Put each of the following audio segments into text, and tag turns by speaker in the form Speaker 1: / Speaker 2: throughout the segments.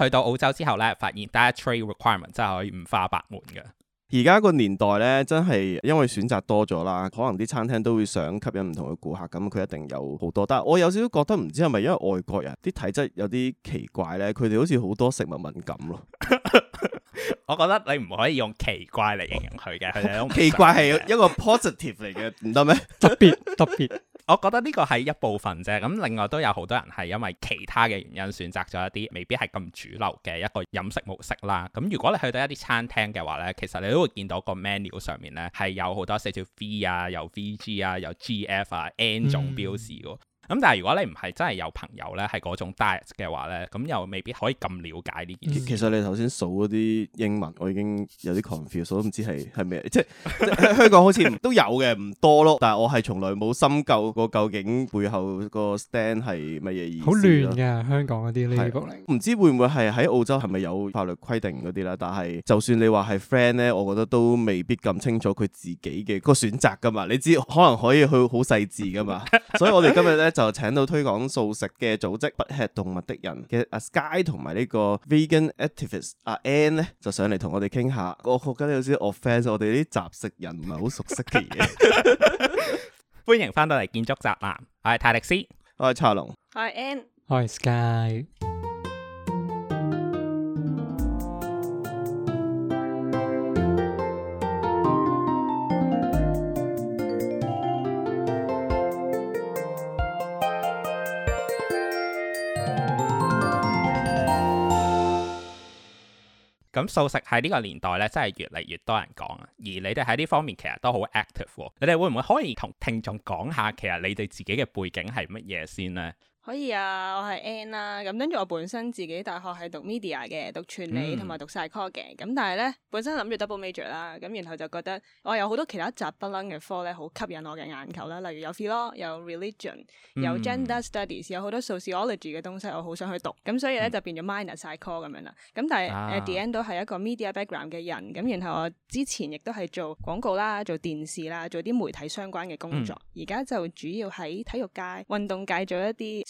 Speaker 1: 去到澳洲之後咧，發現 dietary requirement 真係可以五花八門嘅。而
Speaker 2: 家個年代咧，真係因為選擇多咗啦，可能啲餐廳都會想吸引唔同嘅顧客，咁佢一定有好多。但係我有少少覺得，唔知係咪因為外國人啲體質有啲奇怪咧，佢哋好似好多食物敏感咯。
Speaker 1: 我覺得你唔可以用奇怪嚟形容佢嘅，佢 奇怪係一個 positive 嚟嘅，唔得咩？特別特別。我覺得呢個係一部分啫，咁另外都有好多人係因為其他嘅原因選擇咗一啲未必係咁主流嘅一個飲食模式啦。咁如果你去到一啲餐廳嘅話呢，其實你都會見到個 menu 上面呢係有好多寫住 V 啊、有 VG 啊、有 GF 啊、N 種標示喎。嗯。咁但係如果你唔係真係有朋友咧，係嗰種 diet 嘅話咧，咁又未必可以咁了解呢件
Speaker 2: 事。嗯、其實你頭先數嗰啲英文，我已經有啲 confused，都唔知係係咩，即係 香港好似都有嘅，唔多咯。但係我係從來冇深究過究竟背後個 stand 係乜嘢意思好亂
Speaker 3: 㗎，香港嗰啲呢唔
Speaker 2: 知會唔會係喺澳洲係咪有法律規定嗰啲啦？但係就算你話係 friend 咧，我覺得都未必咁清楚佢自己嘅個選擇噶嘛。你知可能可以去好細緻噶嘛， 所以我哋今日咧。 就請到推廣素食嘅組織不吃動物的人嘅阿 Sky 同埋呢個 vegan activist 阿 Ann 呢，就上嚟同我哋傾下。我覺得有少 offence，我哋啲雜食人唔係好熟悉嘅嘢。
Speaker 1: 歡迎翻到嚟建築宅男，我係泰迪斯，
Speaker 2: 我係蔡龍，
Speaker 4: 我係是 Ann，
Speaker 3: 我係 Sky。
Speaker 1: 咁素食喺呢個年代呢，真係越嚟越多人講啊！而你哋喺呢方面其實都好 active，你哋會唔會可以同聽眾講下，其實你哋自己嘅背景係乜嘢先呢？
Speaker 4: 可以啊，我係 N n 啦，咁跟住我本身自己大學係讀 media 嘅，讀傳理同埋讀晒 core 嘅，咁、嗯、但係咧本身諗住 double major 啦，咁然後就覺得我有好多其他雜不倫嘅科咧，好吸引我嘅眼球啦，例如有 p h i l o s o p y 有 religion，有 gender studies，有好多 sociology 嘅東西，我好想去讀，咁、嗯、所以咧就變咗 minus 晒 core 咁樣啦，咁但係誒，diend 到係一個 media background 嘅人，咁然後我之前亦都係做廣告啦，做電視啦，做啲媒體相關嘅工作，而家、嗯、就主要喺體育界、運動界做一啲，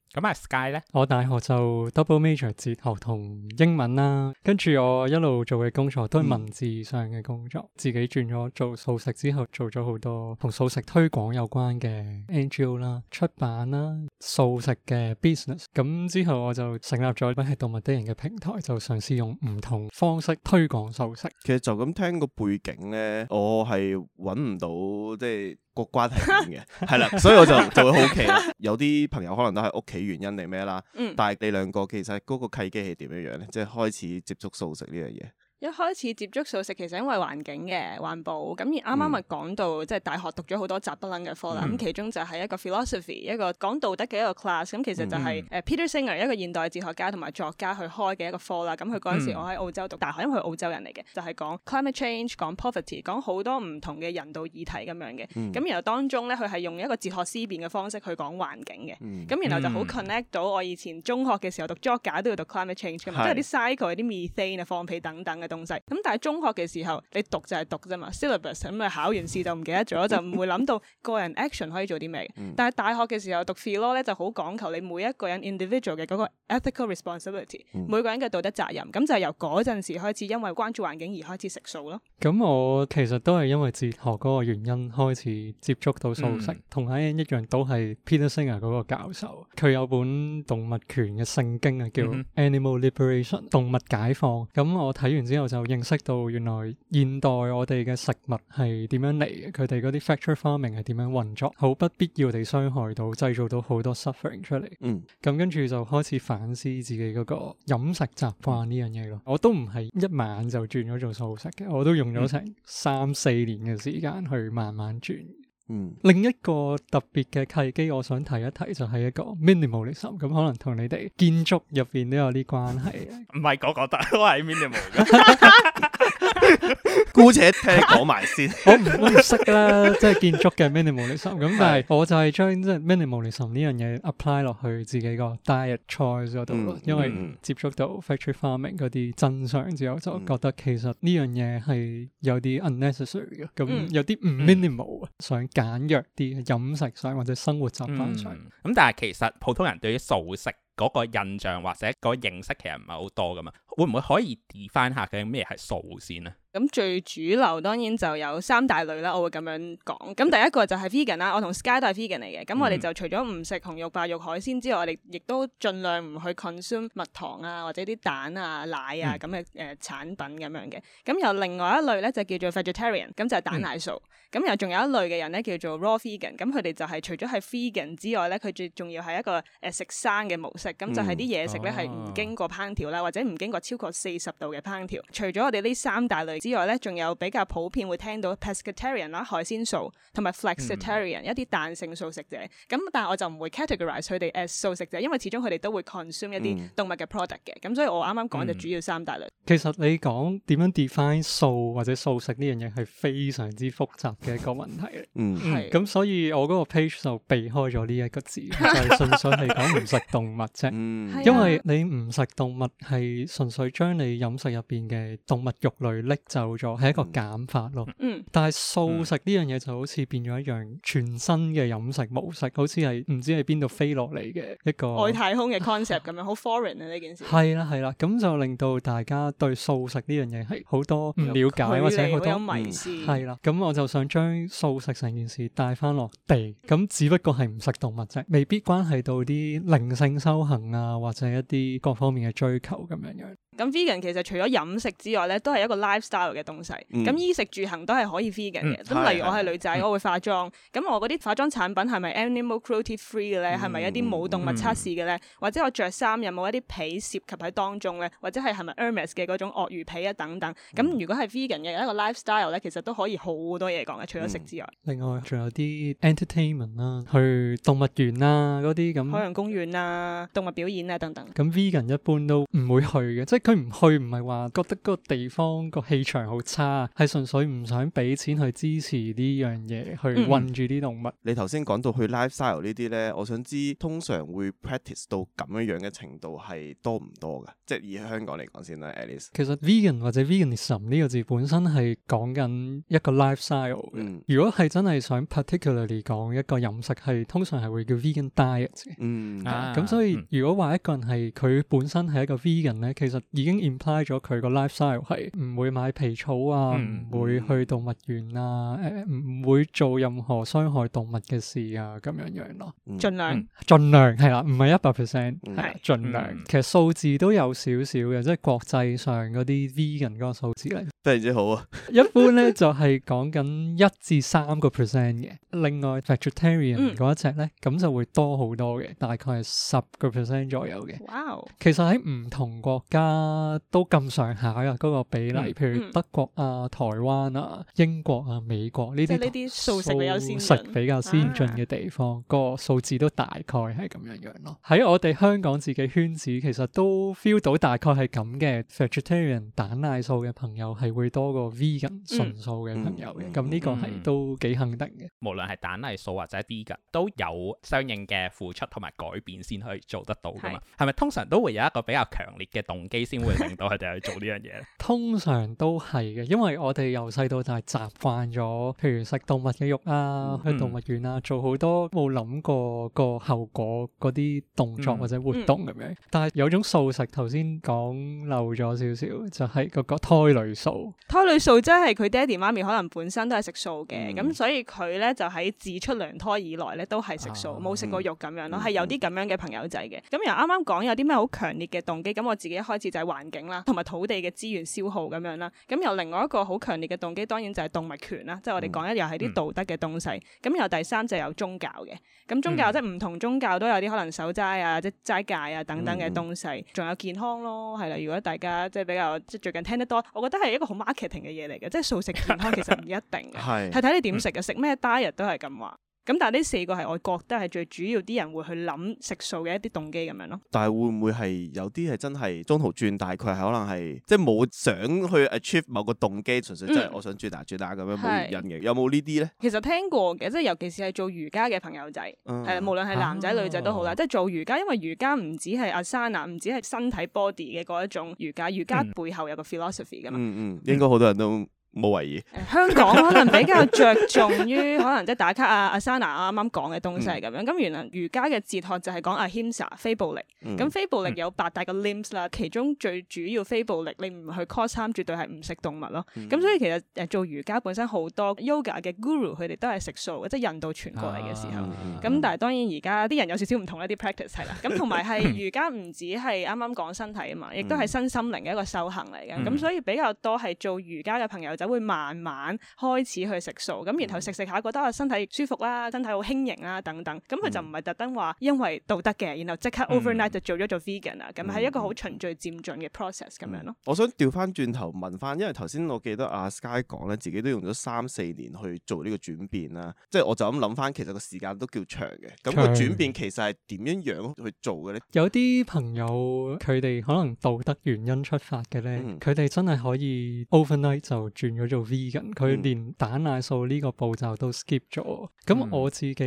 Speaker 3: 咁啊，Sky 咧，我大學就 double major 哲學同英文啦，跟住我一路做嘅工作都係文字上嘅工作，自己轉咗做素食之後，做咗好多同素食推廣有關嘅 NGO 啦、出版啦、素食嘅 business，咁之後我就成立咗不吃動物的人嘅平台，就嘗試用唔同方式推廣素食。
Speaker 2: 其實就咁聽個背景咧，我係搵唔到即係個關係咁嘅，係啦，所以我就就會好奇啦，有啲朋友可能都喺屋企。原因係咩啦？嗯，但係你兩個其實嗰個契機係點樣樣咧？即係開始接觸素食呢樣嘢。
Speaker 4: 一開始接觸素食其實因為環境嘅環保，咁而啱啱咪講到即係大學讀咗好多雜不倫嘅科啦，咁其中就係一個 philosophy 一個講道德嘅一個 class，咁其實就係 Peter Singer 一個現代哲學家同埋作家去開嘅一個科啦，咁佢嗰陣時我喺澳洲讀大學，因為佢澳洲人嚟嘅，就係講 climate change，講 poverty，講好多唔同嘅人道議題咁樣嘅，咁然後當中咧佢係用一個哲學思辨嘅方式去講環境嘅，咁然後就好 connect 到我以前中學嘅時候讀作家都要讀 climate change，咁即係啲 cycle、啲 methane 啊、放屁等等嘅。東西咁，但係中學嘅時候你讀就係讀啫嘛，syllabus 咁啊，考完試就唔記得咗，就唔會諗到個人 action 可以做啲咩嘅。但係大學嘅時候讀 Philo 咧就好講求你每一個人 individual 嘅嗰個 ethical responsibility，每個人嘅道德責任。咁就係由嗰陣時開始，因為關注環境而開始食素咯。
Speaker 3: 咁我其實都係因為哲學嗰個原因開始接觸到素食，同 Ann 一樣都係 Peter Singer 嗰個教授，佢有本動物權嘅聖經啊，叫 Animal Liberation，動物解放。咁我睇完之後。我就認識到原來現代我哋嘅食物係點樣嚟，佢哋嗰啲 factory farming 係點樣運作，好不必要地傷害到，製造到好多 suffering 出嚟。嗯，咁跟住就開始反思自己嗰個飲食習慣呢樣嘢咯。我都唔係一晚就轉咗做素食嘅，我都用咗成三四年嘅時間去慢慢轉。嗯嗯嗯、另一個特別嘅契機，我想提一提，就係一個 minimalism，、um，咁可能同你哋建築入邊都有啲關係。
Speaker 1: 唔係嗰個，得，都係 minimal。 姑且聽講埋先，我唔我唔
Speaker 3: 識啦， 即係建築嘅 minimalism、um。咁 但係我就係將即係 minimalism、um、呢樣嘢 apply 落去自己個 diet choice 嗰度咯。嗯嗯、因為接觸到 factory farming 嗰啲真相之後，就、嗯、覺得其實呢樣嘢係有啲 unnecessary 嘅，咁、嗯、有啲唔 minimal，想簡約啲飲食上或者生活習慣上。
Speaker 1: 咁、嗯、但係其實普通人對於素食。嗰個印象或者個認識其實唔係好多噶嘛，會，唔會可以 define 翻下究竟咩係素先咧？
Speaker 4: 咁最主流當然就有三大類啦，我會咁樣講。咁第一個就係 vegan 啦，我同 Sky 都係 vegan 嚟嘅。咁我哋就除咗唔食紅肉、白肉、海鮮之外，我哋亦都盡量唔去 consume 蜜糖啊，或者啲蛋啊、奶啊咁嘅誒產品咁樣嘅。咁有另外一類咧就叫做 vegetarian，咁就係蛋奶素。咁又仲有一類嘅人咧叫做 raw vegan，咁佢哋就係除咗係 vegan 之外咧，佢最重要係一個誒食生嘅模式。咁就係啲嘢食咧係唔經過烹調啦，嗯啊、或者唔經過超過四十度嘅烹調。除咗我哋呢三大類之外咧，仲有比較普遍會聽到 pescatarian 啦、海鮮素同埋 flexitarian、嗯、一啲彈性素食者。咁但係我就唔會 categorize 佢哋 as 素食者，因為始終佢哋都會 consume 一啲動物嘅 product 嘅。咁、嗯、所以我啱啱講就主要三大類。
Speaker 3: 其實你講點樣 define 素或者素食呢樣嘢係非常之複雜嘅一個問題。嗯，係是。咁所以我嗰個 page 就避開咗呢一個字，係純粹係講唔食動物啫。嗯、因為你唔食動物係純粹將你飲食入邊嘅動物肉類拎就咗，係一個減法咯。嗯，但係素食呢樣嘢就好似變咗一樣全新嘅飲食模式，嗯、好似係唔知喺邊度飛落嚟嘅一個外太
Speaker 4: 空嘅 concept 咁樣，好 foreign 啊呢件事。係
Speaker 3: 啦係啦，咁、啊啊、就令到大家對素食呢樣嘢係好多唔了解，或者好多迷思。係啦，咁、嗯啊、我就想將素食成件事帶翻落地，咁、嗯、只不過係唔食動物啫，未必關係到啲靈性修行啊，或者一啲各方面嘅追求咁樣樣。
Speaker 4: 咁 vegan 其實除咗飲食之外咧，都係一個 lifestyle 嘅東西。咁衣、嗯、食住行都係可以 vegan 嘅。咁、嗯、例如我係女仔，嗯、我會化妝。咁、嗯、我嗰啲化妝產品係咪 animal cruelty free 嘅咧？係咪、嗯、一啲冇動物測試嘅咧？嗯、或者我着衫有冇一啲皮涉及喺當中咧？或者係係咪 Hermes 嘅嗰種鱷魚皮啊等等？咁、嗯、如果係 vegan 嘅一個 lifestyle 咧，其實都可以好多嘢講嘅，除咗食之外。嗯、
Speaker 3: 另外仲有啲 entertainment 啦、啊，去動物園啦、啊，嗰啲咁海洋
Speaker 4: 公園啦、啊，動物表演啊等等。
Speaker 3: 咁 vegan 一般都唔會去嘅，即佢唔去唔係話覺得嗰個地方個氣場好差，係純粹唔想俾錢去支持呢樣嘢，去困住
Speaker 2: 啲動物。嗯、你頭先講到去 lifestyle 呢啲咧，我想知通常會 practice 到咁樣樣嘅程度係多唔多㗎？即係以香港嚟講先啦，Alice。
Speaker 3: 其實 vegan 或者 veganism 呢個字本身係講緊一個 lifestyle 嘅。嗯、如果係真係想 particularly 講一個飲食，係通常係會叫 vegan diet 嘅。嗯咁、嗯啊、所以如果話一個人係佢本身係一個 vegan 咧，其實已經 imply 咗佢個 lifestyle 係唔會買皮草啊，唔會去動物園啊，誒唔會做任何傷害動物嘅事啊，咁樣樣咯，盡量，盡量係啦，唔係一百 percent，係盡量。其實數字都有少少嘅，即係國際上嗰啲 vegan 嗰個數字嚟。非常之好啊！一般咧就係講緊一至三個 percent 嘅。另外 vegetarian 嗰一隻咧，咁就會多好多嘅，大概係十個 percent 左右嘅。哇！其實喺唔同國家，啊，都咁上下啊嗰個比例，嗯嗯、譬如德國啊、台灣啊、英國啊、美國呢、啊、啲，即係呢啲素食比較先進嘅地方，啊、個數字都大概係咁樣樣咯。喺我哋香港自己圈子，其實都 feel 到大概係咁嘅。vegetarian 蛋奶素嘅朋友係會多過 vegan 嘅純、嗯、素嘅朋友嘅，咁呢、嗯嗯、個係都幾肯定嘅。無論係
Speaker 1: 蛋奶素或者 D e 嘅，都有相應嘅付出同埋改變先去做得到噶嘛？係咪通常都會有一個比較強烈嘅動機？是先會令到佢哋去做呢樣嘢，
Speaker 3: 通常都係嘅，因為我哋由細到大習慣咗，譬如食動物嘅肉啊，嗯、去動物園啊，做好多冇諗過個後果嗰啲動作或者活動咁樣。嗯嗯、但係有種素食頭先講漏咗少少，就係、是、嗰個胎裏素。
Speaker 4: 胎裏素即係佢爹哋媽咪可能本身都係食素嘅，咁、嗯、所以佢咧就喺自出娘胎以來咧都係食素，冇食、啊、過肉咁樣咯，係、嗯、有啲咁樣嘅朋友仔嘅。咁又啱啱講有啲咩好強烈嘅動機，咁我自己一開始就是。環境啦，同埋土地嘅資源消耗咁樣啦，咁有另外一個好強烈嘅動機，當然就係動物權啦，即係、嗯、我哋講一又係啲道德嘅東西。咁有、嗯、第三就有宗教嘅，咁宗教、嗯、即係唔同宗教都有啲可能守齋啊，即齋戒啊等等嘅東西，仲、嗯、有健康咯，係啦。如果大家即係比較即係最近聽得多，我覺得係一個好 marketing 嘅嘢嚟嘅，即係素食健康其實唔一定，係睇 是你點食嘅，食咩、嗯、diet 都係咁話。咁但係呢四個係我覺得係最主要啲人會去諗食素嘅一啲動機咁樣咯。
Speaker 2: 但係會唔會係有啲係真係中途轉，大概係可能係即係冇想去 achieve 某個動機，純粹即係我想主打主打咁樣冇原因嘅？有冇呢啲咧？
Speaker 4: 其實聽過嘅，即係尤其是係做瑜伽嘅朋友仔，係啦、啊，無論係男仔女仔都好啦。啊、即係做瑜伽，因為瑜伽唔止係阿 sana 啊，唔止係身體 body 嘅嗰一種瑜伽，瑜伽背後有個 philosophy 噶嘛、嗯。
Speaker 5: 嗯嗯，
Speaker 2: 應該好多人都。嗯冇懷疑。
Speaker 4: 香港可能比較着重於可能即係打卡啊，Asana 啊，啱啱講嘅東西咁樣。咁原來瑜伽嘅哲學就係講 Ahimsa 非暴力。咁非暴力有八大個 limbs 啦，其中最主要非暴力你唔去 cause 三絕對係唔食動物咯。咁所以其實誒做瑜伽本身好多 Yoga 嘅 guru 佢哋都係食素，即係印度傳過嚟嘅時候。咁但係當然而家啲人有少少唔同一啲 practice 係啦。咁同埋係瑜伽唔止係啱啱講身體啊嘛，亦都係身心靈嘅一個修行嚟嘅。咁所以比較多係做瑜伽嘅朋友。就會慢慢開始去食素，咁然後食食下覺得個身體舒服啦，身體好輕盈啦，等等，咁佢就唔係特登話因為道德嘅，然後即刻 overnight 就做咗做 vegan 啊、嗯，咁係一個好循序漸進嘅 process 咁、嗯、樣咯。
Speaker 2: 我想調翻轉頭問翻，因為頭先我記得阿 Sky 講咧，自己都用咗三四年去做呢個轉變啦，即係我就咁諗翻，其實個時間都叫長嘅。咁、個轉變其實係點樣樣去做嘅咧？嗯、
Speaker 3: 有啲朋友佢哋可能道德原因出發嘅咧，佢哋、嗯、真係可以 overnight 就轉咗做 vegan，佢、嗯、連蛋奶素呢個步驟都 skip 咗。咁我自己就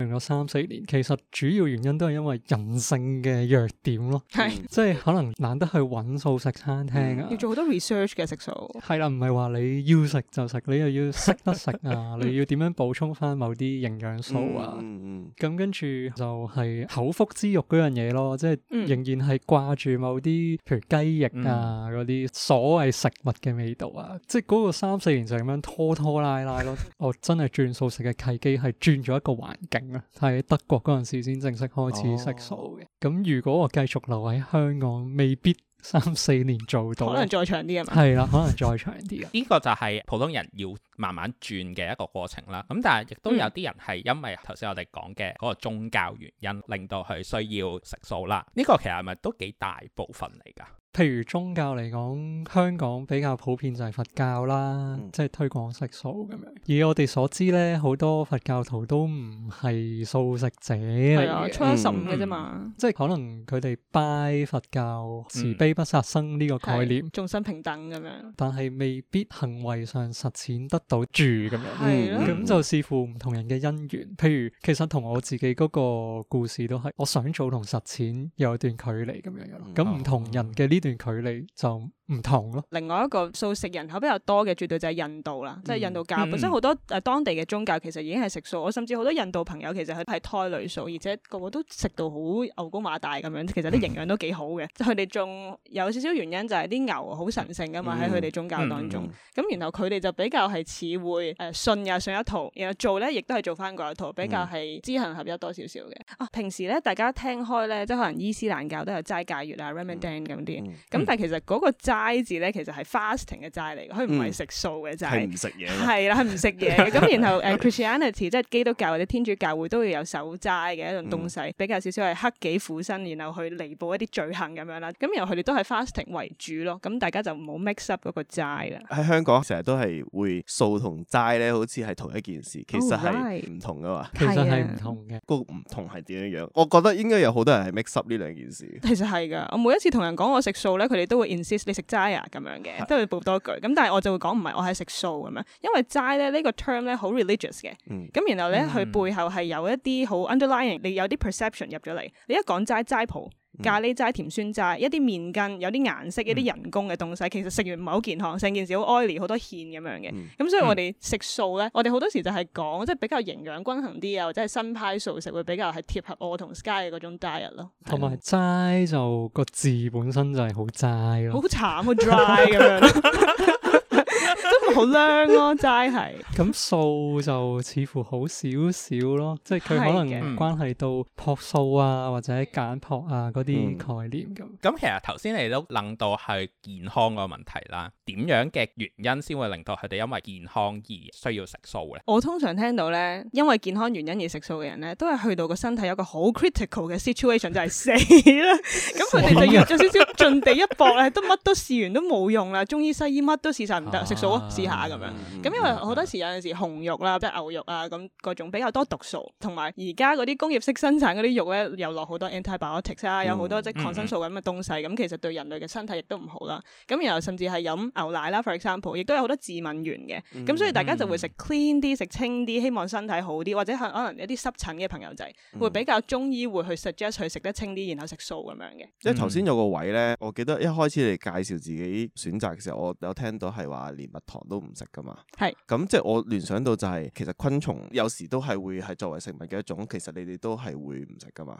Speaker 3: 用咗三四年，其實主要原因都係因為人性嘅弱點咯，係、嗯、即係可能懶得去揾素食餐廳啊、嗯，要
Speaker 4: 做好多 research 嘅食素
Speaker 3: 係啦，唔係話你要食就食，你又要識得食啊， 你要點樣補充翻某啲營養素啊？咁、嗯、跟住就係口腹之欲嗰樣嘢咯，即係仍然係掛住某啲，譬如雞翼啊嗰啲、嗯、所謂食物嘅味道啊，即係不過三四年就咁樣拖拖拉拉咯，我真係轉素食嘅契機係轉咗一個環境啊，喺德國嗰陣時先正式開始食素嘅。咁如果我繼續留喺香港，未必三四年做到可， 可能再長啲啊。係啦，可能再長啲。
Speaker 1: 呢個就係普通人要慢慢轉嘅一個過程啦。咁但係亦都有啲人係因為頭先我哋講嘅嗰個宗教原因，令到佢需要食素啦。呢、這個其實係咪都幾大部分嚟噶？
Speaker 3: 譬如宗教嚟講，香港比較普遍就係佛教啦，即係推廣食素咁樣。以我哋所知咧，好多佛教徒都唔係素食者係啊，初一十五嘅啫嘛。即係可能佢哋拜佛教慈悲不殺生呢個概念，眾生平等咁樣，但係未必行為上實踐得到住咁樣。咁就視乎唔同人嘅因緣。譬如，其實同我自己嗰個故事都係，我想做同實踐有一段距離咁樣嘅咯。咁唔同人嘅呢？段距離就。唔同咯，
Speaker 4: 另外一個素食人口比較多嘅，絕對就係印度啦，即係、嗯、印度教本身好、嗯、多誒當地嘅宗教其實已經係食素，我甚至好多印度朋友其實係胎裡素，而且個個都食到好牛高馬大咁樣，其實啲營養都幾好嘅，即佢哋仲有少少原因就係啲牛好神聖㗎嘛喺佢哋宗教當中，咁、嗯嗯、然後佢哋就比較係似會誒信又信一套，然後做咧亦都係做返嗰一套，比較係知行合一多少少嘅。嗯、啊，平時咧大家聽開咧，即係可能伊斯蘭教都有齋戒月啊 Ramadan 咁啲，咁、嗯嗯、但係其實嗰、那個齋字咧其實係 fasting 嘅齋嚟，佢唔係食素嘅齋，係唔食嘢，係啦、就是，係唔食嘢。咁 然後誒、uh, Christianity 即係基督教或者天主教會都會有守齋嘅一種東西，嗯、比較少少係克己苦身，然後去彌補一啲罪行咁樣啦。咁然後佢哋都係 fasting 為主咯。咁大家就唔好 mix up 嗰個齋啦。
Speaker 2: 喺香港成日都係會素同齋咧，好似係同一件事，其實係唔同噶嘛。Oh, right. 其實係唔同嘅，個唔同係點樣？我覺得應該有好多人係 mix up 呢兩件事。
Speaker 4: 其實係噶，我每一次同人講我食素咧，佢哋都會 insist 你食齋啊咁樣嘅，都會報多句。咁但係我就會講唔係，我係食素咁樣，因為齋咧呢個 term 咧好 religious 嘅。咁、嗯、然後咧佢背後係有一啲好 underlying，你有啲 perception 入咗嚟。你一講齋齋普。咖喱齋、甜酸齋，一啲麵筋有啲顏色、嗯、一啲人工嘅東西，其實食完唔係好健康，成件事好 oily，好多芡咁樣嘅。咁、嗯、所以我哋食素咧，嗯、我哋好多時就係講，即係比較營養均衡啲啊，或者係新派素食會比較係貼合我同 Sky 嘅嗰種 diet 咯有。
Speaker 3: 同埋齋就、個字本身就係好齋咯，好
Speaker 4: 慘好 dry 咁樣。真唔好靚咯，齋係。
Speaker 3: 咁素就似乎好少少咯，即係佢可能關係到樸素啊，嗯、或者簡樸啊嗰啲概念咁、嗯。咁、
Speaker 1: 嗯嗯嗯、其實頭先你都諗到係健康個問題啦，點樣嘅原因先會令到佢哋因為健康而需要食素咧？
Speaker 4: 我通常聽到咧，因為健康原因而食素嘅人咧，都係去到個身體有一個好 critical 嘅 situation 就係、是、死啦，咁佢哋就要咗少少盡地一搏咧，都乜都試完都冇用啦，中醫西醫乜都試晒唔得。食素啊，嗯、試下咁樣。咁因為好多時有陣時紅肉啦，即係牛肉啊，咁各種比較多毒素，同埋而家嗰啲工業式生產嗰啲肉咧，又落好多 antibiotics 啊、嗯，有好多即係抗生素咁嘅東西，咁、嗯、其實對人類嘅身體亦都唔好啦。咁然後甚至係飲牛奶啦，for example，亦都有好多致敏原嘅。咁、嗯、所以大家就會食 clean 啲，食、嗯、清啲，希望身體好啲，或者可能一啲濕疹嘅朋友仔，會比較中醫會去 suggest 佢食得清啲，然後食素咁樣嘅。即係頭
Speaker 2: 先有個位咧，我記得一開始你介紹自己選擇嘅時候，我有聽到係話。連蜜糖都唔食噶嘛，係咁是即係我聯想到就係、是、其實昆蟲有時都係會係作為食物嘅一種，其實你哋都係會唔食噶嘛？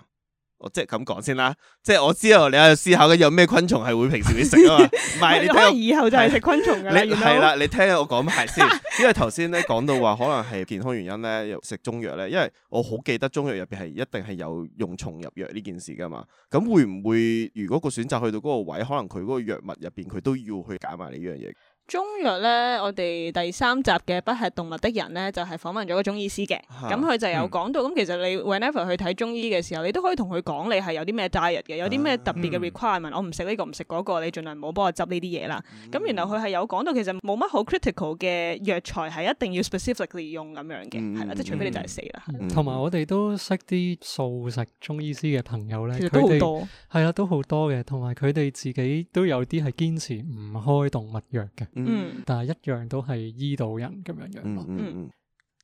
Speaker 2: 我即係咁講先啦，即係我知道你喺度思考緊有咩昆蟲係會平時會食啊嘛？唔係你可能
Speaker 4: 以後就係食昆蟲噶啦，係啦，
Speaker 2: 你聽我講埋先，因為頭先咧講到話可能係健康原因咧，又食中藥咧，因為我好記得中藥入邊係一定係有用蟲入藥呢件事噶嘛，咁會唔會如果個選擇去到嗰個位，可能佢嗰個藥物入邊佢都要去揀埋呢樣嘢？
Speaker 4: 中藥咧，我哋第三集嘅不吃動物的人咧，就係、是、訪問咗個中醫師嘅。咁佢哈就有講到，咁、嗯、其實你 whenever 去睇中醫嘅時候，你都可以同佢講你係有啲咩 diet 嘅，有啲咩特別嘅 requirement、嗯。我唔食呢個，唔食嗰個，你盡量唔好幫我執呢啲嘢啦。咁原、嗯、來佢係有講到，其實冇乜好 critical 嘅藥材係一定要 specifically 用咁樣嘅，係啦、嗯，即係除非你就係死啦。
Speaker 3: 同埋、嗯嗯、我哋都識啲素食中醫師嘅朋友咧，都好多，係啦，都好多嘅，同埋佢哋自己都有啲係堅持唔開動物藥嘅。嗯，但係一樣都係醫道人咁樣樣
Speaker 1: 咯。嗯嗯嗯，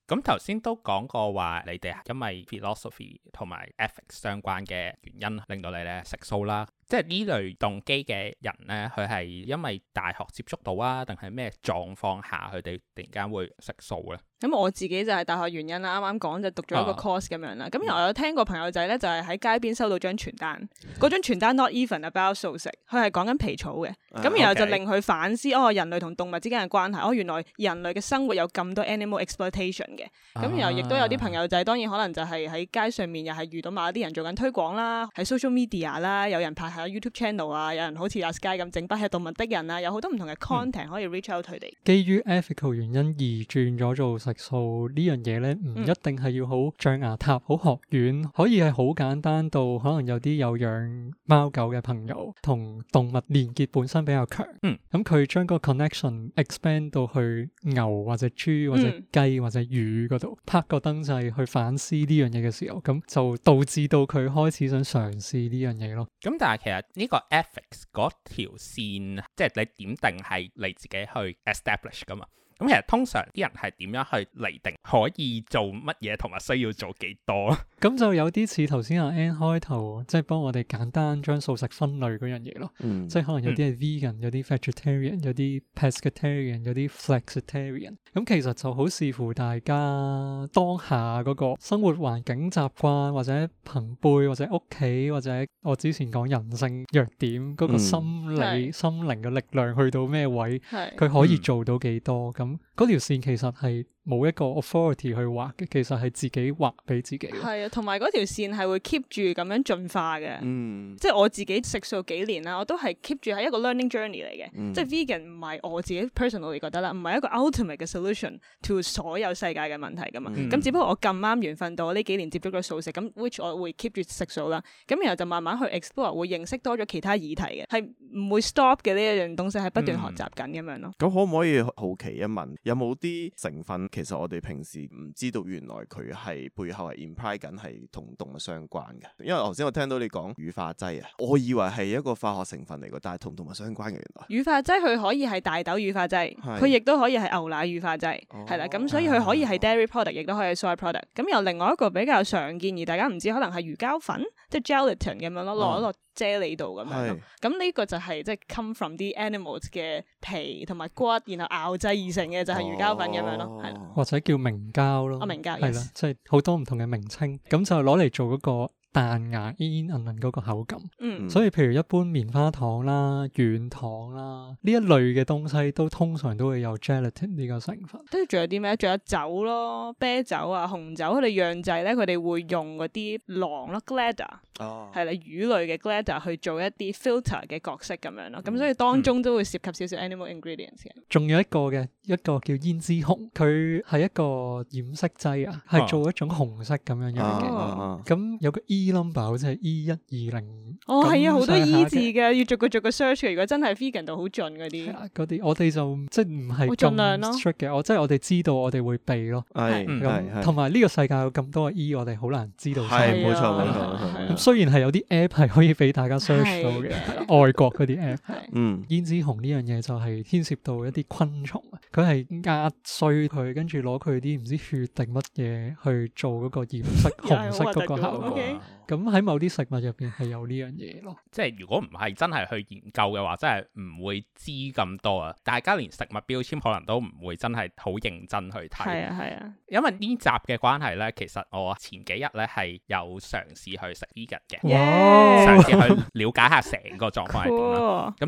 Speaker 1: 咁頭先都講過話，你哋係因為 philosophy 同埋 ethics 相關嘅原因，令到你咧食素啦。即係呢類動機嘅人咧，佢係因為大學接觸到啊，定係咩狀況下佢哋突然間會食素咧？
Speaker 4: 咁我自己就係大學原因啦，啱啱講就讀咗一個 course 咁樣啦。咁然後有聽過朋友仔咧，就係喺街邊收到張傳單，嗰張傳單 not even about 素食，佢係講緊皮草嘅。咁然後就令佢反思哦，人類同動物之間嘅關係哦，原來人類嘅生活有咁多 animal exploitation 嘅。咁然後亦都有啲朋友仔，當然可能就係喺街上面又係遇到某啲人做緊推廣啦，喺 social media 啦，有人拍。啊 YouTube channel 啊，有人好似阿 Sky 咁整不吃動物的人啊，有好多唔同嘅 content，嗯、可以 reach out 佢哋。
Speaker 3: 基於 ethical 原因而轉咗做食素呢樣嘢咧，唔一定係要好象牙塔、好學院，可以係好簡單到可能有啲有養貓狗嘅朋友同動物連結本身比較強，嗯，咁佢將個 connection expand 到去牛或者豬或者雞或者魚嗰度，嗯，拍個燈掣去反思呢樣嘢嘅時候，咁就導致到佢開始想嘗試呢樣嘢咯。咁但係
Speaker 1: 呢個 ethics 嗰條線，即係你點定係你自己去 establish 噶嘛。咁其實通常啲人係點樣去釐定可以做乜嘢，同埋需要做幾多咧？
Speaker 3: 咁就有啲似頭先阿 Ann 開頭，即係幫我哋簡單將素食分類樣嘢咯。嗯、即係可能有啲係 vegan，嗯、有啲 vegetarian，有啲 pescatarian，有啲 flexitarian。咁、嗯、其實就好視乎大家當下個生活環境習慣或者朋輩或者屋企，或者我之前講人性弱點、嗰個心理、嗯、心靈嘅力量去到咩位，係佢是可以做到幾多咁。嗯嗰、嗯、條線其實係冇一個 authority 去畫嘅，其實係自己畫俾自己。係
Speaker 4: 啊，同埋嗰條線係會 keep 住咁樣進化嘅。嗯，即係我自己食素幾年啦，我都係 keep 住係一個 learning journey 嚟嘅。嗯、即係 vegan 唔係我自己 personally 覺得啦，唔係一個 ultimate 嘅 solution to 所有世界嘅問題噶嘛。咁、嗯、只不過我咁啱緣分到呢幾年接觸咗素食，咁 which 我會 keep 住食素啦。咁然後就慢慢去 explore，會認識多咗其他議題嘅，係唔會 stop 嘅呢一樣東西斷，係、嗯、不斷學習緊咁樣咯。
Speaker 2: 咁可唔可以好奇一問，有冇啲成分？其實我哋平時唔知道原來佢係背後係 imply 緊係同動物相關嘅，因為頭先我聽到你講乳化劑啊，我以為係一個化學成分嚟嘅，但係同動物相關嘅原來。
Speaker 4: 乳化劑佢可以係大豆乳化劑，佢亦都可以係牛奶乳化劑，係啦、哦，咁所以佢可以係 dairy product，亦都、哦、可以係 soy product。咁有另外一個比較常見而大家唔知，可能係魚膠粉，即係 gelatin 咁樣咯，落一落。啫喱度咁樣咯，咁呢係個就係即係 come from 啲 animals 嘅皮同埋骨，然後熬製而成嘅就係、係、魚膠粉咁樣咯，哦、
Speaker 3: 的或者叫明膠咯，明膠，係啦，即係好多唔同嘅名稱，咁就攞嚟做嗰、嗰個。彈牙煙煙韌韌嗰個口感，所以譬如一般棉花糖啦、軟糖啦呢一類嘅東西，都通常都會有 gelatin 呢個成分。
Speaker 4: 跟住仲有啲咩？仲有酒咯，啤酒啊、紅酒，佢哋釀製咧，佢哋會用嗰啲狼咯，glider，係啦，魚類嘅 glider 去做一啲 filter 嘅角色咁樣咯。咁所以當中都會涉及少少 animal ingredients 嘅。
Speaker 3: 仲有一個嘅，一個叫胭脂紅，佢係一個染色劑啊，係做一種紅色咁樣樣嘅。咁有個 e E number 即係 E 一二零哦，係啊，好多 E 字
Speaker 4: 嘅，要逐個逐個 search。如果真係 figure 到好準嗰啲，
Speaker 3: 嗰啲我哋就即係唔係盡量咯嘅。我即係我哋知道，我哋會避咯。係，同埋呢個世界有咁多嘅 E，我哋好難知道。係，冇錯，冇錯。咁雖然係有啲 app 係可以俾大家 search 到嘅，外國嗰啲 app。胭脂紅呢樣嘢就係牽涉到一啲昆蟲，佢係壓碎佢，跟住攞佢啲唔知血定乜嘢去做嗰個染色紅色嗰個效果。咁喺某啲食物入邊係有呢樣嘢咯，即係如
Speaker 1: 果唔係真係去研究嘅話，真係唔會知咁多啊！大家連食物標籤可能都唔會真係好認真去睇，係啊，係啊，啊，因為呢集嘅關係呢，其實我前幾日呢係有嘗試，試去食呢 e 嘅，嘗哇試，試去了解下成個狀況係點，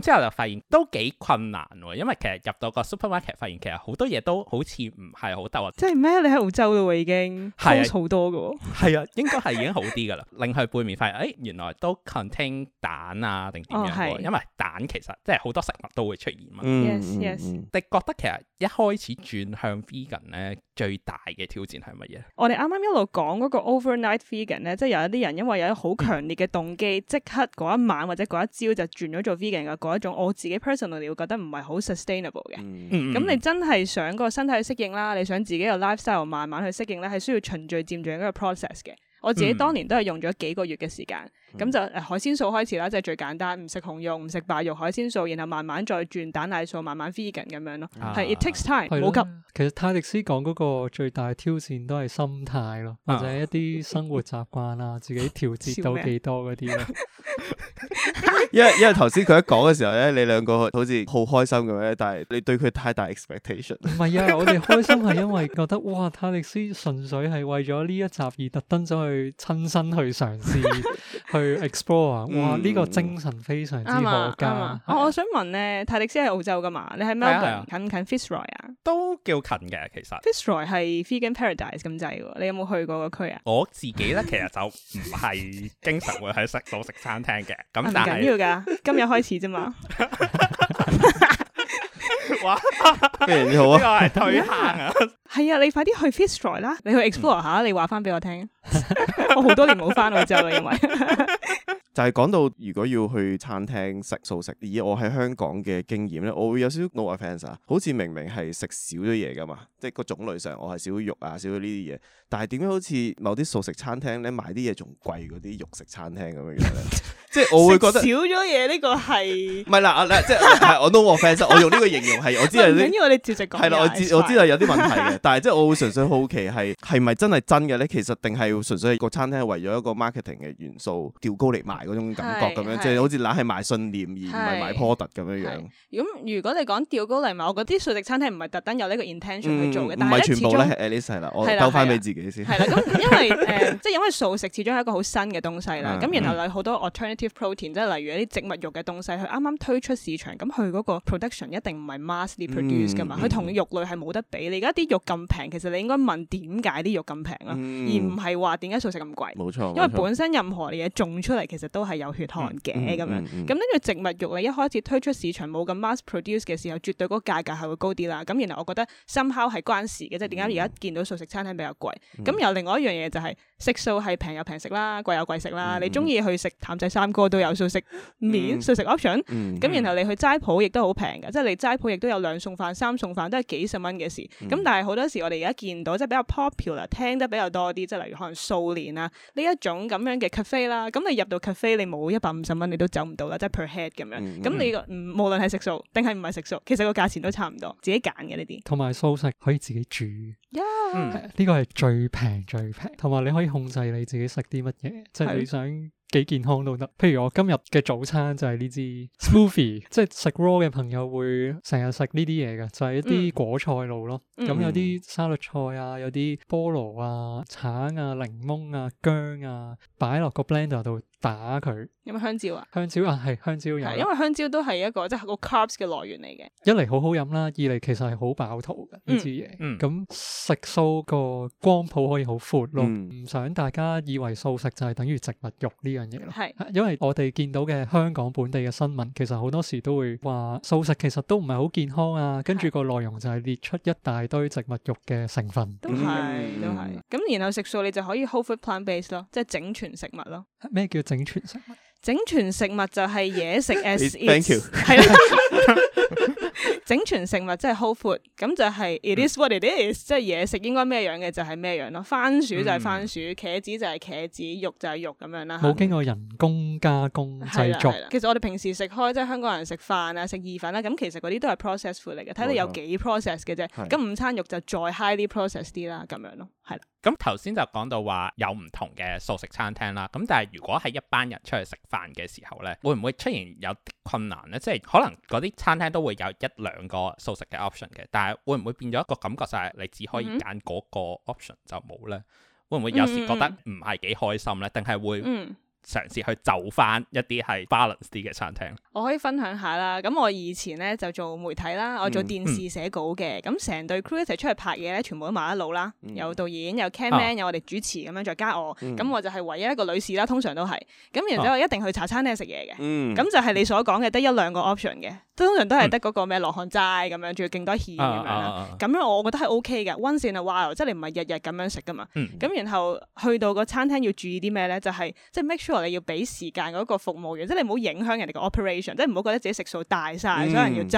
Speaker 1: 咁之後就發現都幾困難喎，因為其實入到個 supermarket 發現其實好多嘢都好似唔係好得啊！即
Speaker 4: 係咩？你喺澳洲嘅喎，已經多好多噶，
Speaker 3: 係啊，啊，應該係已經好啲噶
Speaker 1: 啦。 令佢背面發現，誒、哎、原來都 contain 蛋啊，定點樣？哦、因為蛋其實即係好多食物都會出現嘛。Yes, yes。 嗯、你覺得其實一開始轉向 vegan 咧， 最大嘅挑戰係乜嘢？
Speaker 4: 我哋啱啱一路講嗰個 overnight vegan 咧，ve gan, 即係有一啲人因為有好強烈嘅動機，嗯、即刻嗰一晚或者嗰一朝就轉咗做 vegan 嘅嗰一種。我自己 personal 你講，覺得唔係好 sustainable 嘅。嗯咁、嗯、你真係想個身體適應啦，你想自己個 lifestyle 慢慢去適應咧，係需要循序漸進嗰個 process 嘅。我自己當年都係用咗幾個月嘅時間。咁、嗯、就、呃、海鮮素開始啦，就係、是、最簡單，唔食紅肉，唔食白肉，海鮮素，然後慢慢再轉蛋奶素，慢慢 vegan 咁樣咯。係、啊、it
Speaker 3: takes time，好急。嗯、其實泰迪斯講嗰個最大挑戰都係心態咯，啊、或者一啲生活習慣啊，嗯、自己調節到幾多嗰啲。因為
Speaker 2: 因為頭先佢一講嘅時候咧， 你兩個好似好開心咁樣，但係你對佢太大 expectation。
Speaker 3: 唔 係啊，我哋開心係因為覺得哇，泰迪斯純粹係為咗呢一集而特登走去親身去嘗試。 去 explore，啊，嗯、哇！呢、呢個精神非常之好噶。
Speaker 4: 我我想問咧，泰迪斯喺澳洲噶嘛？你喺 Melbourne 近唔近 Fitzroy 啊？
Speaker 1: 啊近近啊都叫近嘅，其實。
Speaker 4: Fitzroy 係 Vegan Paradise 咁滯喎，你有冇去過個區啊？我
Speaker 1: 自己咧其實就唔係經常會喺食所食餐廳嘅，咁 但係唔緊
Speaker 4: 要㗎，今日開始啫嘛。 哇！咩
Speaker 2: 人你好啊？呢個係
Speaker 4: 退行啊！係啊，你快啲去 Fitzroy 啦，你去 explore 下，你話翻俾我聽。我好多年冇返澳洲喇，因為。
Speaker 2: 但係講到，如果要去餐廳食素食，以我喺香港嘅經驗咧，我會有少少 no offence 好似明明係食少咗嘢噶嘛，即係個種類上我係少咗肉啊，少咗呢啲嘢。但係點解好似某啲素食餐廳咧，買啲嘢仲貴嗰啲肉食餐廳咁樣樣咧？ 即係我會覺得少咗
Speaker 4: 嘢呢個係
Speaker 2: 唔係啦？即係我 no offence，我用呢個形容係我知係呢。緊要
Speaker 4: 我哋照直講。係啦，我知
Speaker 2: 我知係有啲問題嘅， 但係即係我會純粹好奇係係咪真係真嘅咧？其實定係純粹個餐廳係為咗一個 marketing 嘅元素吊高嚟賣。嗰種感覺咁樣，即係好似懶係賣信念而唔係賣 product 咁樣樣。
Speaker 4: 咁如果你講調高糧物，我覺得素食餐廳唔係特登有呢個 intention 去做嘅，但係咧，
Speaker 2: 始終 at least 啦，我收翻俾自己先。係啦，
Speaker 4: 咁因為誒，即係因為素食始終係一個好新嘅東西啦。咁然後有好多 alternative protein，即係例如一啲植物肉嘅東西，佢啱啱推出市場，咁佢嗰個 production 一定唔係 massly produce 噶嘛。佢同肉類係冇得比。你而家啲肉咁平，其實你應該問點解啲肉咁平啦，而唔係話點解素食咁貴。冇錯，因為本身任何嘢種出嚟，其實都係有血汗嘅咁樣，咁跟住植物肉咧一開始推出市場，冇咁 mass produce 嘅時候，絕對嗰個價格係會高啲啦。咁然後我覺得 somehow 係關事嘅，即係點解而家見到素食餐廳比較貴？咁、嗯嗯、有另外一樣嘢就係、是、色素係平又平食啦，貴有貴食啦。嗯、你中意去食譚仔三哥都有素食麵、嗯、素食 option、嗯。咁、嗯、然後你去齋鋪亦都好平嘅，即係你齋鋪亦都有兩餸飯、三餸飯都係幾十蚊嘅事。咁、嗯嗯、但係好多時我哋而家見到即係比較 popular、聽得比較多啲，即係例如可能素蓮啊，呢一種咁樣嘅 cafe 啦。咁你入到 cafe。非你冇一百五十蚊你都走唔到啦，即係 per head 咁樣。咁、嗯、你、嗯、無論係食素定係唔係食素，其實個價錢都差唔多，自己揀嘅呢
Speaker 3: 啲。同埋素食可以自己煮，呢 Yeah.、嗯、個係最平最平，同埋你可以控制你自己食啲乜嘢，即係的你想。幾健康都得，譬如我今日嘅早餐就係呢支 smoothie， 即係食 raw 嘅朋友會成日食呢啲嘢嘅，就係、是、一啲果菜露咯。咁、嗯、有啲沙律菜啊，有啲菠蘿啊、橙啊、檸檬啊、薑啊，擺落個 blender 度打佢。有冇香蕉啊？香蕉啊，係香蕉有。因
Speaker 4: 為香蕉都係一個即係、就是、個 carbs 嘅來源嚟嘅。
Speaker 3: 一嚟好好飲啦，二嚟其實係好飽肚嘅呢支嘢。咁食素個光譜可以好闊咯，唔、嗯、想大家以為素食就係等於植物肉呢？樣嘢咯，係，因為我哋見到嘅香港本地嘅新聞，其實好多時都會話素食其實都唔係好健康啊，跟住個內容就係列出一大堆植物肉嘅成分，都係都
Speaker 4: 係，咁然後食素你就可以 whole food plant based 咯，即係整全食物咯。
Speaker 3: 咩叫整全食物？
Speaker 4: 整全食物就係嘢食 as is，係啦。整全食物即係 whole food 咁就係 it is what it is，嗯、即係嘢食應該咩樣嘅就係咩樣咯。番薯就係番薯，嗯、茄子就係茄子，肉就係肉咁樣啦。冇經過
Speaker 3: 人工加工製作，啊啊。
Speaker 4: 其實我哋平時食開即係香港人食飯啊、食意粉啦，咁其實嗰啲都係 processed food 嚟嘅，睇你有幾 processed 嘅啫。咁午餐肉就再 high 啲 processed 啲啦，咁樣咯，係
Speaker 1: 啦，啊。咁頭先就講到話有唔同嘅素食餐廳啦，咁但係如果係一班人出去食飯嘅時候呢，會唔會出現有啲困難呢？即係可能嗰啲餐廳都會有一兩個素食嘅 option 嘅，但係會唔會變咗一個感覺？就係你只可以揀嗰個 option 就冇呢？嗯、會唔會有時覺得唔係幾開心呢？定係會？嗯嘗試去就翻一啲係 balance 啲嘅餐廳。
Speaker 4: 我可以分享下啦，咁我以前咧就做媒體啦，我做電視寫稿嘅，咁成、嗯嗯、隊 crew 一齊出去拍嘢咧，全部都麻甩佬啦，嗯、有導演，有 camman、啊、有我哋主持咁樣再加我，咁、嗯、我就係唯一一個女士啦，通常都係，咁然之後我一定去茶餐廳食嘢嘅，咁、嗯、就係你所講嘅得一兩個 option 嘅。通常都係得嗰個咩羅漢齋咁樣，仲要勁多芡咁樣啦。咁樣我覺得係 O K 嘅，溫線啊，while 即係你唔係日日咁樣食噶嘛。咁 然後去到個餐廳要注意啲咩咧？就係即係 make sure 你要俾時間嗰個服務員，即係你唔好影響人哋嘅 operation，即係唔好覺得自己食數大晒，所有人要就你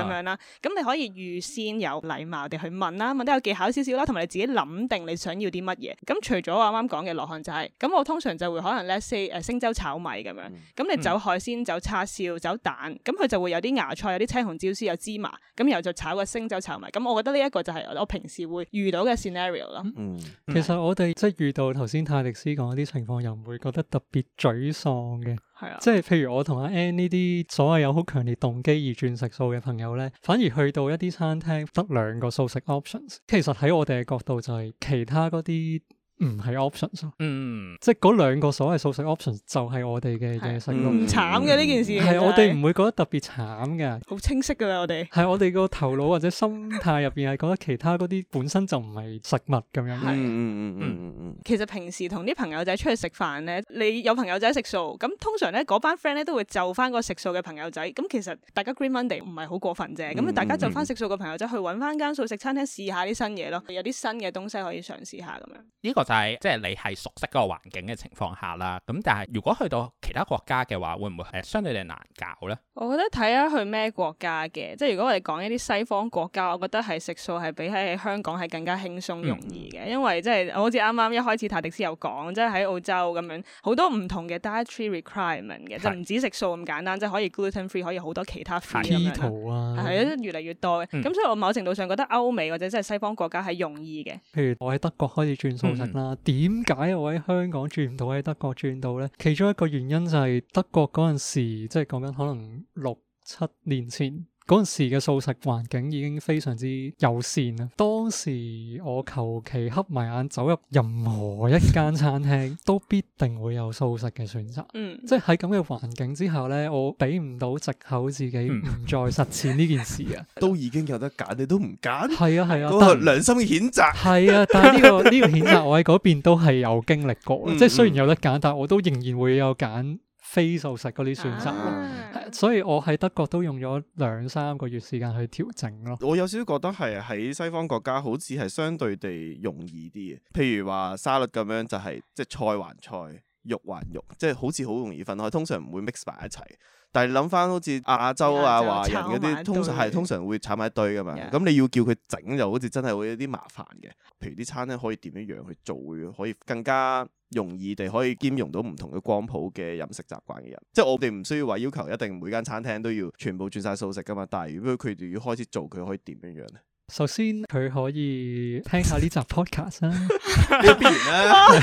Speaker 4: 咁樣啦。咁 你可以預先有禮貌地去問啦，問得有技巧少少啦，同埋你自己諗定你想要啲乜嘢。咁除咗我啱啱講嘅羅漢齋，咁我通常就會可能 let's say 誒星洲炒米咁樣。咁 你走海鮮，走叉燒，走叉燒，走叉燒，走蛋，咁佢就會有啲買菜有啲青紅椒絲，有芝麻，咁然後炒就炒個星洲炒埋。咁我覺得呢一個就係我平時會遇到嘅 scenario 咯。嗯，嗯，
Speaker 3: 其實我哋即係遇到頭先泰迪斯講啲情況，又唔會覺得特別沮喪嘅。係啊，即係譬如我同阿 Ann 呢啲所謂有好強烈動機而轉食素嘅朋友咧，反而去到一啲餐廳得兩個素食 options。其實喺我哋嘅角度就係其他嗰啲。唔係 option，嗯，即係嗰兩個所謂素食 option 就係我哋嘅嘅食物。唔慘嘅呢件事，係我哋唔會覺得特別慘嘅。好
Speaker 4: 清晰㗎啦，我哋
Speaker 3: 係我哋個頭腦或者心態入邊係覺得其他嗰啲本身就唔係食物咁樣。嗯嗯嗯嗯嗯。
Speaker 4: 其實平時同啲朋友仔出去食飯咧，你有朋友仔食素，咁通常咧嗰班 friend 咧都會就翻個食素嘅朋友仔，咁其實大家 Green Monday 唔係好過分啫。咁啊，大家就翻食素嘅朋友仔去揾翻間素食餐廳試下啲新嘢咯，有啲新嘅東西可以嘗試下咁樣。呢
Speaker 1: 個。就係即係你係熟悉嗰個環境嘅情況下啦，咁但係如果去到其他國家嘅話，會唔會係相對地難搞咧？
Speaker 4: 我覺得睇下去咩國家嘅，即係如果我哋講一啲西方國家，我覺得係食素係比起喺香港係更加輕鬆容易嘅，嗯、因為即、就、係、是、我好似啱啱一開始泰迪斯有講，即係喺澳洲咁樣好多唔同嘅 dietary requirement 嘅，是就唔止食素咁簡單，即、就、係、是、可以 gluten free，可以好多其他 free 啊，係啊、嗯，越嚟越多嘅，咁、嗯、所以我某程度上覺得歐美或者即係西方國家係容易嘅。
Speaker 3: 譬如我喺德國開始轉素啊，點解我喺香港轉唔到，喺德國轉到咧？其中一個原因就係德國嗰陣時，即係講緊可能六七年前。嗰陣時嘅素食環境已經非常之友善啦。當時我求其黑埋眼走入任何一間餐廳，都必定會有素食嘅選擇。嗯，即係喺咁嘅環境之下，咧，我俾唔到藉口自己唔再實踐呢件事啊。嗯、 都已經有得揀，你都唔揀？係啊係啊，啊良心譴責。係行啊，但係、呢、呢個呢、呢個譴責，我喺嗰邊都係有經歷過。即係、嗯、雖然有得揀，但係我都仍然會有揀。非素食嗰啲選擇，啊、所以我喺德國都用咗兩三個月時間去調整咯。
Speaker 2: 我有少少覺得係喺西方國家，好似係相對地容易啲嘅。譬如話沙律咁樣、就係，就係、係、即係菜還菜，肉還肉，即、就、係、係、好似好容易分開。通常唔會 mix 埋一齊。但係諗翻好似亞洲啊華人嗰啲，通常係通常會炒埋一堆噶嘛，咁 Yeah. 你要叫佢整，就好似真係會有啲麻煩嘅。譬如啲餐廳可以點樣樣去做，可以更加容易地可以兼容到唔同嘅光譜嘅飲食習慣嘅人。嗯、即係我哋唔需要話要求一定每間餐廳都要全部轉晒素食噶嘛。但係如果佢哋要開始做，佢可以點樣樣呢？
Speaker 3: 首先佢可以聽下呢集 podcast 啦、 啊。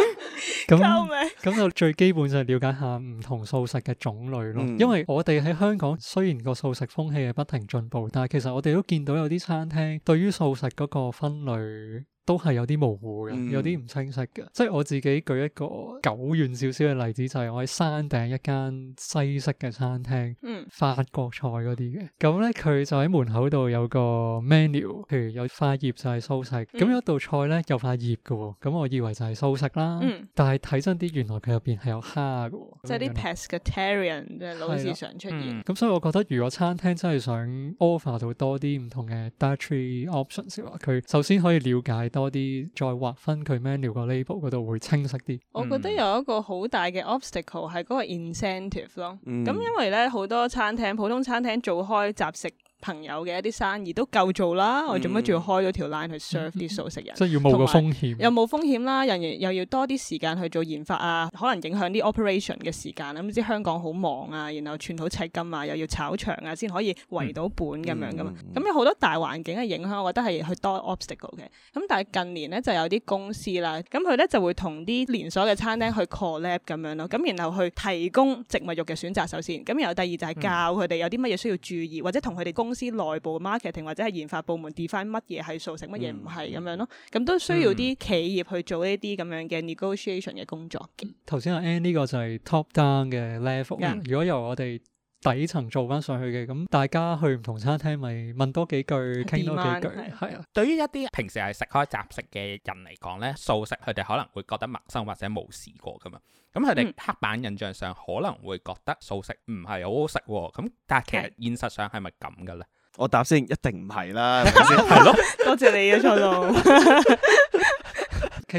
Speaker 3: 咁咁那命就最基本，就係了解下唔同素食嘅種類咯，嗯、因為我哋喺香港雖然個素食風氣係不停進步，但係其實我哋都見到有啲餐廳對於素食嗰個分類，都係有啲模糊嘅，有啲唔清晰嘅。即係我自己舉一個久遠少少嘅例子，就係我喺山頂一間西式嘅餐廳，嗯，法國菜啲嘅。咁咧佢就喺門口度有個 menu，譬如有花葉就係素食。咁有一道菜咧有花葉嘅喎，咁我以為就係素食啦。但係睇真啲，原來佢入邊係有蝦嘅。即係啲
Speaker 4: pescatarian 即係老是常出
Speaker 3: 現，咁所以我覺得，如果餐廳真係想 offer 到多啲唔同嘅 dietary options 嘅話，佢首先可以了解到。多啲再劃分佢 menu 個 label 度會清晰啲。我覺得
Speaker 4: 有一個好大嘅 obstacle 係嗰個 incentive 咯、嗯。咁因為咧好多餐廳，普通餐廳做開雜食。朋友嘅一啲生意都夠做啦，嗯、我做乜仲要開咗條 line 去 serve 啲、嗯、素食人？即係要冇個風險，又冇風險啦，人又要多啲時間去做研發啊，可能影響啲 operation 嘅時間啦，咁知香港好忙啊，然後寸土尺金啊，又要炒場啊，先可以圍到本咁樣噶嘛。咁有好多大環境嘅影響，我覺得係去多 obstacle 嘅。咁但係近年咧就有啲公司啦，咁佢咧就會同啲連鎖嘅餐廳去 collab 咁樣咯，咁然後去提供植物肉嘅選擇首先，咁然，然後第二就係教佢哋有啲乜嘢需要注意，或者同佢哋供。公司內部 marketing 或者係研發部門 define 乜嘢係素食，乜嘢唔係咁樣咯，咁都需要啲企業去做呢啲咁樣嘅 negotiation 嘅工作。
Speaker 3: 頭先阿 Ann 呢個就係 top down 嘅 level。嗯、如果由我哋底層做翻上去嘅，咁大家去唔同餐廳咪問多幾句，傾求多幾句。係啊，
Speaker 1: 對於一啲平時係食開雜食嘅人嚟講咧，素食佢哋可能會覺得陌生或者冇試過噶嘛。咁佢哋刻板印象上可能會覺得素食唔係好好食喎，咁但係其實現實上係咪咁嘅咧？我答先，一定唔係啦，
Speaker 4: 係咯。多謝你嘅錯漏。蔡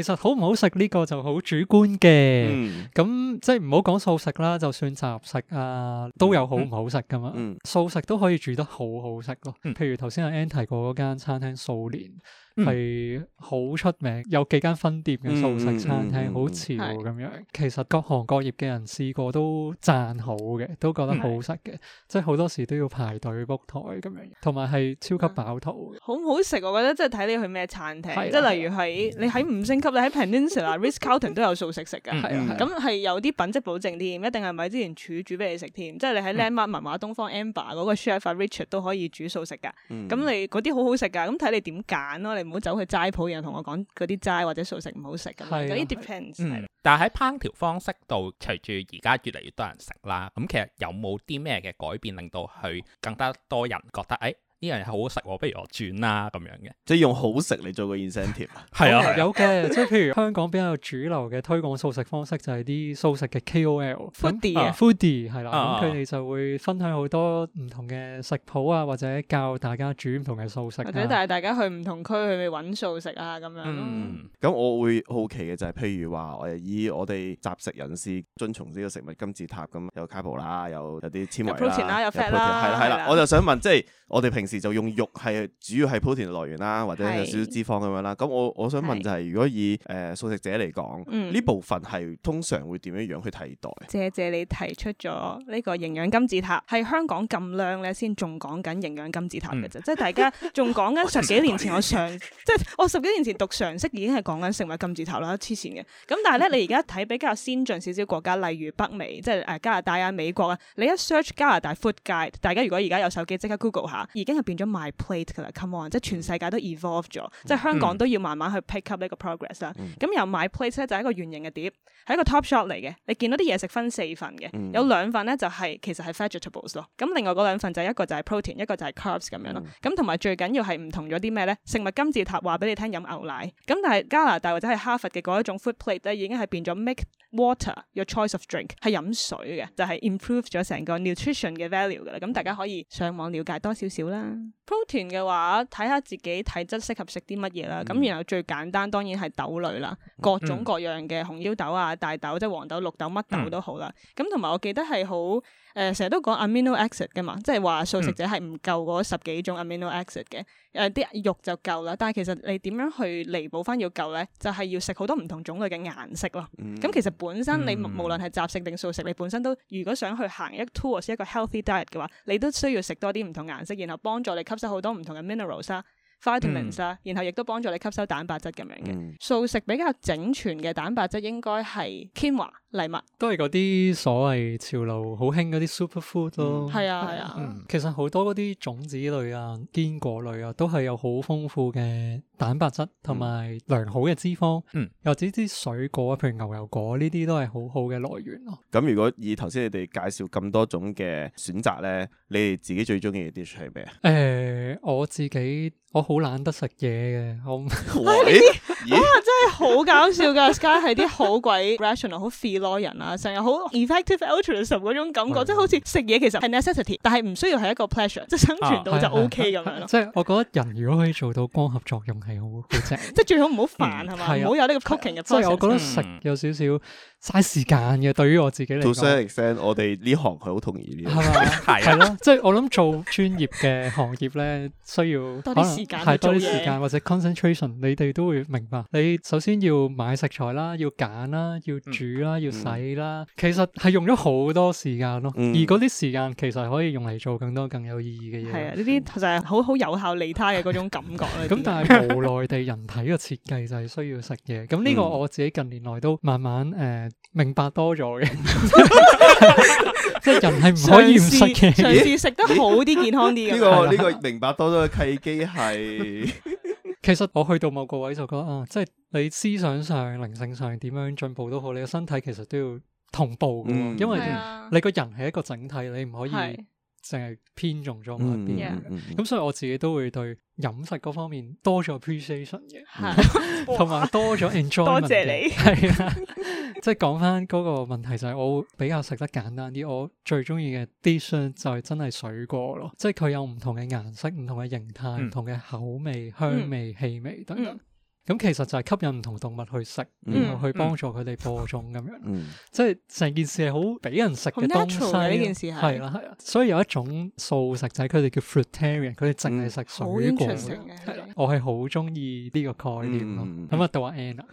Speaker 3: 其實好唔好食呢個就好主觀嘅，咁、嗯、即係唔好講素食啦，就算雜食啊都有好唔好食噶嘛。嗯嗯、素食都可以煮得好好食咯，譬如頭先阿 Ann 提過嗰間餐廳素年。係好出名，有幾間分店嘅素食餐廳，好潮咁樣。其實各行各業嘅人試過都讚好嘅，都覺得好食嘅。即係好多時都要排隊 book 台咁樣，同埋係超級飽肚。
Speaker 4: 好唔好食？我覺得即係睇你去咩餐廳。即係例如喺你喺五星級，你喺 Peninsula Ritz-Carlton 都有素食食嘅。係啊，咁係有啲品質保證添，一定係咪之前廚煮俾你食添？即係你喺 Landmark 文華東方 Amber 嗰個 Chef Richard 都可以煮素食噶。咁你嗰啲好好食噶，咁睇你點揀咯。唔好走去齋鋪，有人同我講嗰啲齋或者素食唔好食咁、啊、樣，啲 depends、嗯。
Speaker 1: 的但係喺烹調方式度，隨住而家越嚟越多人食啦，咁其實有冇啲咩嘅改變，令到去更加多人覺得誒？哎啲人好食，不如我轉啦咁樣嘅，
Speaker 2: 即係用好食嚟做個 incentive 係啊，
Speaker 3: 有嘅，即係譬如香港比較主流嘅推廣素食方式，就係啲素食嘅 KOL foodie，foodie 係啦，咁佢哋就會分享好多唔同嘅食譜啊，或者教大家煮唔同嘅素食，或者帶
Speaker 4: 大家去唔同區去揾素食啊咁樣。嗯，
Speaker 2: 咁我會好奇嘅就係，譬如話誒，以我哋雜食人士遵從呢個食物金字塔咁，有 carb 啦，有啲纖維啦，有 protein 啦，有 fat 啦，係啦係啦，我就想問，即係我哋平時。時就用肉係主要係補填嘅來源啦，或者有少少脂肪咁樣啦。咁是我我想問就係、是、如果以誒、呃、素食者嚟講，呢、嗯、部分係通常會點樣樣去替代？
Speaker 4: 謝謝你提出咗呢個營養金字塔，喺香港咁靚咧，先仲講緊營養金字塔嘅啫，嗯、即係大家仲講緊十幾年前我上， 即係我十幾年前讀常識已經係講緊食物金字塔啦，黐線嘅。咁但係咧，嗯、你而家睇比較先進少少國家，例如北美，即係誒加拿大啊、美國啊，你一 search 加拿大 food guide，大家如果而家有手機即刻 Google 下，已經變咗 my plate 噶啦，come on，即係全世界都 evolved 咗，即係香港都要慢慢去 pick up 呢個 progress 啦。咁由 my plate 咧就係一個圓形嘅碟，係一個 top shot 嚟嘅。你見到啲嘢食分四份嘅，有兩份咧就係、是、其實係 vegetables 咯，咁另外嗰兩份就係一個就係 protein，一個就係 carbs 咁樣咯。咁同埋最緊要係唔同咗啲咩咧？食物金字塔話俾你聽飲牛奶，咁但係加拿大或者係哈佛嘅嗰一種 food plate 咧，已經係變咗 make water your choice of drink，係飲水嘅，就係、是、improve 咗成個 nutrition 嘅 value 噶啦。咁大家可以上網了解多少少啦。protein 嘅話睇下自己體質適合食啲乜嘢啦，咁、嗯、然後最簡單當然係豆類啦，各種各樣嘅紅腰豆啊、大豆、嗯、即係黃豆、綠豆乜豆都好啦，咁同埋我記得係好。誒成日都講 amino acid 嘅嘛，即係話素食者係唔夠嗰十幾種 amino acid 嘅，誒啲、嗯呃、肉就夠啦。但係其實你點樣去彌補翻要夠咧？就係、是、要食好多唔同種類嘅顏色咯。咁、嗯、其實本身你、嗯、無論係雜食定素食，你本身都如果想去行一 tour 或者一個 healthy diet 嘅話，你都需要食多啲唔同顏色，然後幫助你吸收好多唔同嘅 minerals 啊。vitamins,、嗯、 然後亦都幫助你吸收蛋白質。咁樣嘅素食比較整全嘅蛋白質應該係堅華藜麥，
Speaker 3: 都係嗰啲所謂潮流好興嗰啲 super food 咯、嗯。係啊係啊，嗯、啊其實好多嗰啲種子類啊、堅果類啊，都係有好豐富嘅蛋白質同埋良好嘅脂肪。嗯，又或者啲水果，譬如牛油果呢啲都係好好嘅來源咯。
Speaker 2: 咁如果以頭先你哋介紹咁多種嘅選擇咧，你哋自己最中意嘅 dish 係咩啊？誒、
Speaker 3: 呃，我自己我。好懶得食嘢嘅，我呢啲啊
Speaker 4: 真係好搞笑噶 ！Sky 係啲好鬼 rational 很、好 philosopher 人啦，成日好 effective altruism 嗰種感覺，即係 好似食嘢其實係 necessity，但係唔需要係一個 pleasure，即係生存到就 OK 咁樣咯、啊啊啊啊啊。即係
Speaker 3: 我覺得人如果可以做到光合作用係好好正，
Speaker 4: 即係最好唔好煩係嘛，唔好有呢個 cooking 嘅 process，所以我覺得食
Speaker 3: 有少少。嗯嘥時間嘅，對於我自己嚟
Speaker 2: 講，我哋呢行係好同意
Speaker 3: 呢個係係咯，即係我諗做專業嘅行業咧，需要多啲時間多啲時間，或者 concentration，你哋都會明白。你首先要買食材啦，要揀啦，要煮啦，要煮，嗯、要洗啦，其實係用咗好多時間咯。嗯、而嗰啲時間其實可以用嚟做更多更有意義嘅嘢。係啊、
Speaker 4: 嗯，呢啲、嗯、就係好好有效利他嘅嗰種感覺咁 但係無
Speaker 3: 奈地，人體嘅設計就係需要食嘢。咁呢個我自己近年來都慢慢誒。呃明白多咗嘅，即係人係唔可以唔食嘅，隨時食得好啲，健康啲、 這個。呢個呢
Speaker 4: 個
Speaker 2: 明白多咗嘅契機係。
Speaker 3: 其實我去到某個位就覺得啊，即係你思想上、靈性上點樣進步都好，你嘅身體其實都要同步、嗯、因為你個人係一個整體，你唔可以。淨係偏重咗某一邊，咁、嗯、所以我自己都會對飲食嗰方面多咗 appreciation 嘅，同埋、啊、 多咗 enjoy。多謝你的，係啊，即係講翻嗰個問題就係我比較食得簡單啲，我最中意嘅 dish 就係真係水果咯，即係佢有唔同嘅顏色、唔同嘅形態、唔、嗯、同嘅口味、香味、嗯、氣味等等。咁其實就係吸引唔同動物去食，然後去幫助佢哋播種咁樣，即係成件事係好俾人食嘅東呢件事係啦，係啦。所以有一種素食仔，佢哋叫 fruitarian，佢哋淨係食水果嘅。好完整嘅。我係好中意呢個概念咯。咁啊，到話 n a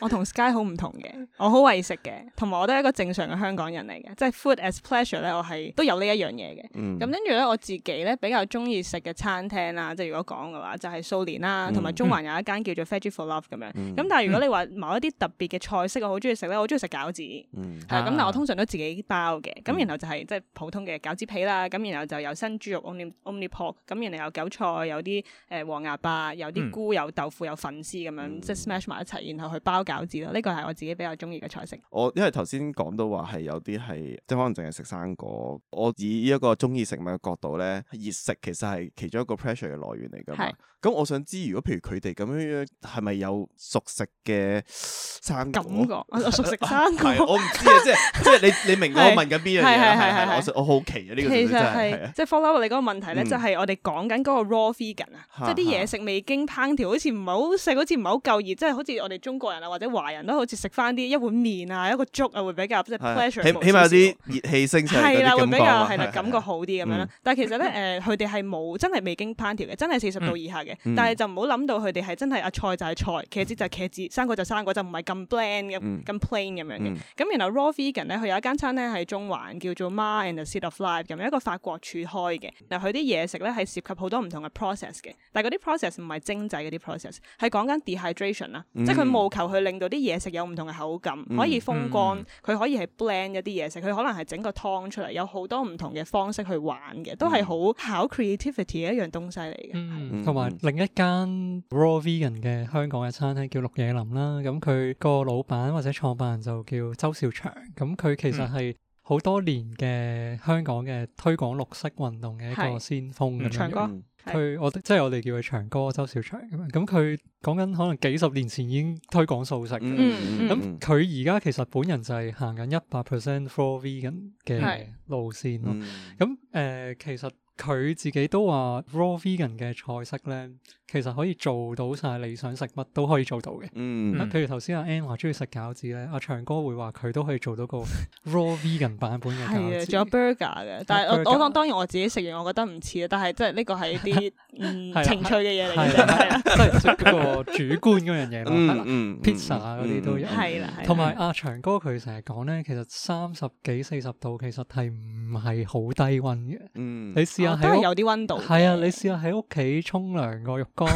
Speaker 4: 我同 Sky 好唔同嘅，我好為食嘅，同埋我都係一個正常嘅香港人嚟嘅，即係 food as pleasure 咧，我係都有呢一樣嘢嘅。咁跟住咧，我自己咧比較中意食嘅餐廳啦，即係如果講嘅話，就係蘇聯啦，同埋中環有一間叫做。f e i s h for love 咁樣，咁但係如果你話某一啲特別嘅菜式我好中意食咧，我中意食餃子，
Speaker 5: 係咁，但係我通
Speaker 4: 常都自己包嘅，咁、嗯、然後就係即係普通嘅餃子皮啦，咁、嗯、然後就有新豬肉 Omni Omni Pork，咁然後有韭菜，有啲誒黃芽白，有啲菇，嗯、有豆腐，有粉絲咁樣，即係 smash 埋一齊，然後去包餃子咯，呢、這個係我自己比較中意嘅菜式。
Speaker 2: 我因為頭先講到話係有啲係即係可能淨係食生果，我以一個中意食物嘅角度咧，熱食其實係其中一個 pressure 嘅來源嚟噶嘛，咁是我想知如果譬如佢哋咁樣樣。係咪有熟食嘅生
Speaker 4: 感覺？我熟
Speaker 5: 食生，我唔知啊！即
Speaker 2: 係即係你你明我問緊邊樣嘢啦？係係係，我好奇啊！呢個其實係即係
Speaker 4: follow 你嗰個問題咧，就係我哋講緊嗰個 raw vegan 啊，即係啲嘢食未經烹調，好似唔係好食，好似唔係好夠熱，即係好似我哋中國人啊或者華人都好似食翻啲一碗麵啊一個粥啊會比較即係 pleasure 起起碼有啲
Speaker 2: 熱氣升上嚟會比較係啦感覺好啲咁樣啦。
Speaker 4: 但係其實咧誒佢哋係冇真係未經烹調嘅，真係四十度以下嘅。但係就唔好諗到佢哋係真係啊。菜就係菜，茄子就係茄子，生果就生果，生果就唔係咁 bland 嘅，咁 plain 咁樣嘅。咁然後 raw vegan 咧，佢有一間餐廳喺中環，叫做 My and the City of Life，咁樣一個法國廚開嘅。嗱，佢啲嘢食咧，係涉及好多唔同嘅 process 嘅，但係嗰啲 process 唔係精製嗰啲 process，係講緊 dehydration 啦、嗯，即係佢務求去令到啲嘢食有唔同嘅口感，嗯、可以風乾，佢、嗯、可以係 blend 一啲嘢食，佢可能係整個湯出嚟，有好多唔同嘅方式去玩嘅，都係好考 creativity 嘅一樣東西嚟嘅。同埋
Speaker 3: 另一間 raw vegan 嘅。誒，香港嘅餐廳叫綠野林啦，咁佢個老闆或者創辦人就叫周兆祥，咁佢其實係好多年嘅香港嘅推廣綠色運動嘅一個先鋒咁樣。就是、長哥，佢我即係我哋叫佢長哥，周兆祥咁樣。咁佢講緊可能幾十年前已經推廣素食，咁佢而家其實本人就係行緊一百 percent four vegan 嘅路線咯。咁誒是、嗯呃，其實。佢自己都話 raw vegan 嘅菜式咧，其實可以做到晒你想食乜都可以做到嘅。嗯，譬如頭先阿 Ann 話中意食餃子咧，阿長哥會話佢都可以做到個 raw vegan 版本嘅餃子，仲有 burger 嘅。但係我我講
Speaker 4: 當然我自己食完我覺得唔似啊，但係即係呢個係一啲嗯情趣嘅嘢嚟嘅，即係食嗰個
Speaker 3: 主觀樣嘢咯。係啦，pizza 嗰啲都有，係啦。同埋阿長哥佢成日講咧，其實三十幾四十度其實係唔係好低溫嘅。嗯，你都有啲溫度。係啊，你試下喺屋企沖涼個浴缸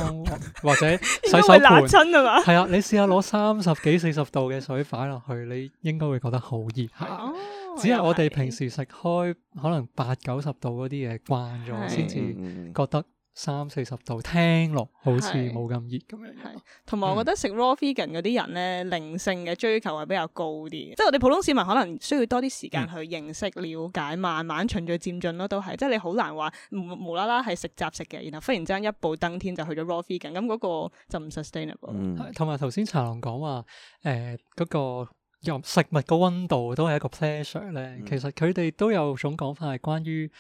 Speaker 3: 或者洗手盆。係啊，你試下攞三十幾四十度嘅水擺落去，你應該會覺得好熱，嚇、oh, 啊。只係我哋平時食開可能八九十度啲嘢慣咗，先至覺得、 嗯。嗯嗯三四十度，聽落好似冇咁熱咁樣。係是，
Speaker 4: 同埋我覺得食 raw vegan 嗰啲人咧，靈是性嘅追求係比較高啲。即係我哋普通市民可能需要多啲時間去認識、了解，嗯、慢慢循序漸進咯，都係。即、就、係、是、你好難話無啦啦係食雜食嘅，然後忽然之間一步登天就去咗 raw vegan，咁嗰個就唔 sustainable、嗯。
Speaker 3: 同埋頭先茶郎講話，誒，嗰、呃那個由食物個溫度都係一個 pleasure 咧、嗯。其實佢哋都有種講法係關於誒。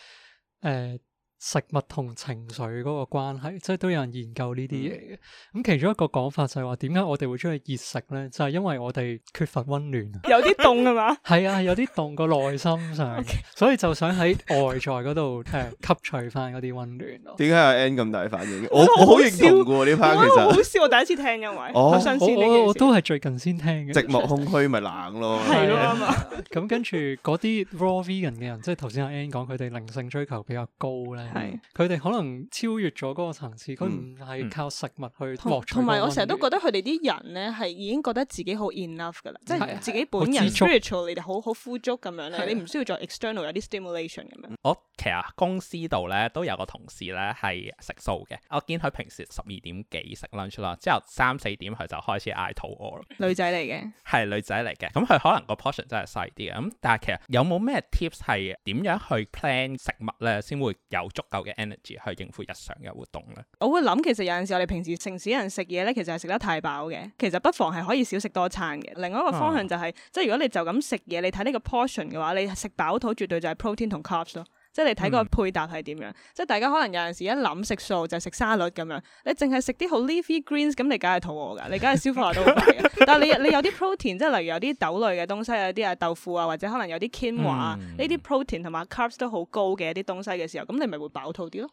Speaker 3: 呃呃食物同情緒嗰個關係，即係都有人研究呢啲嘢嘅。咁、嗯、其中一個講法就係話，點解我哋會中意熱食咧？就係、是、因為我哋缺乏溫暖，有啲凍啊嘛。係 啊，有啲凍個內心上， Okay. 所以就想喺外在嗰度誒吸取翻嗰啲溫暖咯。
Speaker 2: 點解阿 Ann 咁大反應？ 我我好認同噶呢 part，其實 好
Speaker 4: 笑，我第一次聽，因為、哦、我我我
Speaker 2: 我都係最近先聽嘅。寂寞空虛咪冷咯，係咯啊。
Speaker 3: 咁跟住嗰啲 raw vegan 嘅人，即係頭先阿 Ann 講，佢哋靈性追求比較高咧。係，佢哋可能超越咗嗰個層次，佢唔係靠食物去同埋，我成日都覺
Speaker 4: 得佢哋啲人咧係已經覺得自己好 enough 噶啦，即係自己本人 spiritual 你哋好好富足咁樣咧，你唔需要再 external 有啲 stimulation
Speaker 1: 咁樣。我其實公司度咧都有個同事咧係食素嘅，我見佢平時十二點幾食 lunch 啦，之後三四點佢就開始嗌肚餓咯。
Speaker 4: 女仔嚟嘅，
Speaker 1: 係女仔嚟嘅。咁佢可能個 portion 真係細啲嘅，咁但係其實有冇咩 tips 係點樣去 plan 食物咧先會有？足夠嘅 energy 去應付日常嘅活動咧，
Speaker 4: 我會諗其實有陣時我哋平時城市人食嘢咧，其實係食得太飽嘅，其實不妨係可以少食多餐嘅。另外一個方向就係、是，啊、即係如果你就咁食嘢，你睇呢個 portion 嘅話，你食飽肚絕對就係 protein 同 carbs 咯。即係你睇個配搭係點樣？嗯、即係大家可能有陣時一諗食素就食沙律咁樣，你淨係食啲好 leafy greens，咁你梗係肚餓㗎，你梗係消化到好快嘅。 但係你你有啲 protein，即係例如有啲豆類嘅東西，有啲啊豆腐啊，或者可能有啲 quinoa 啊，呢啲 protein 同埋 carbs、嗯、 都好高嘅一啲東西嘅時候，咁你咪會飽肚啲咯。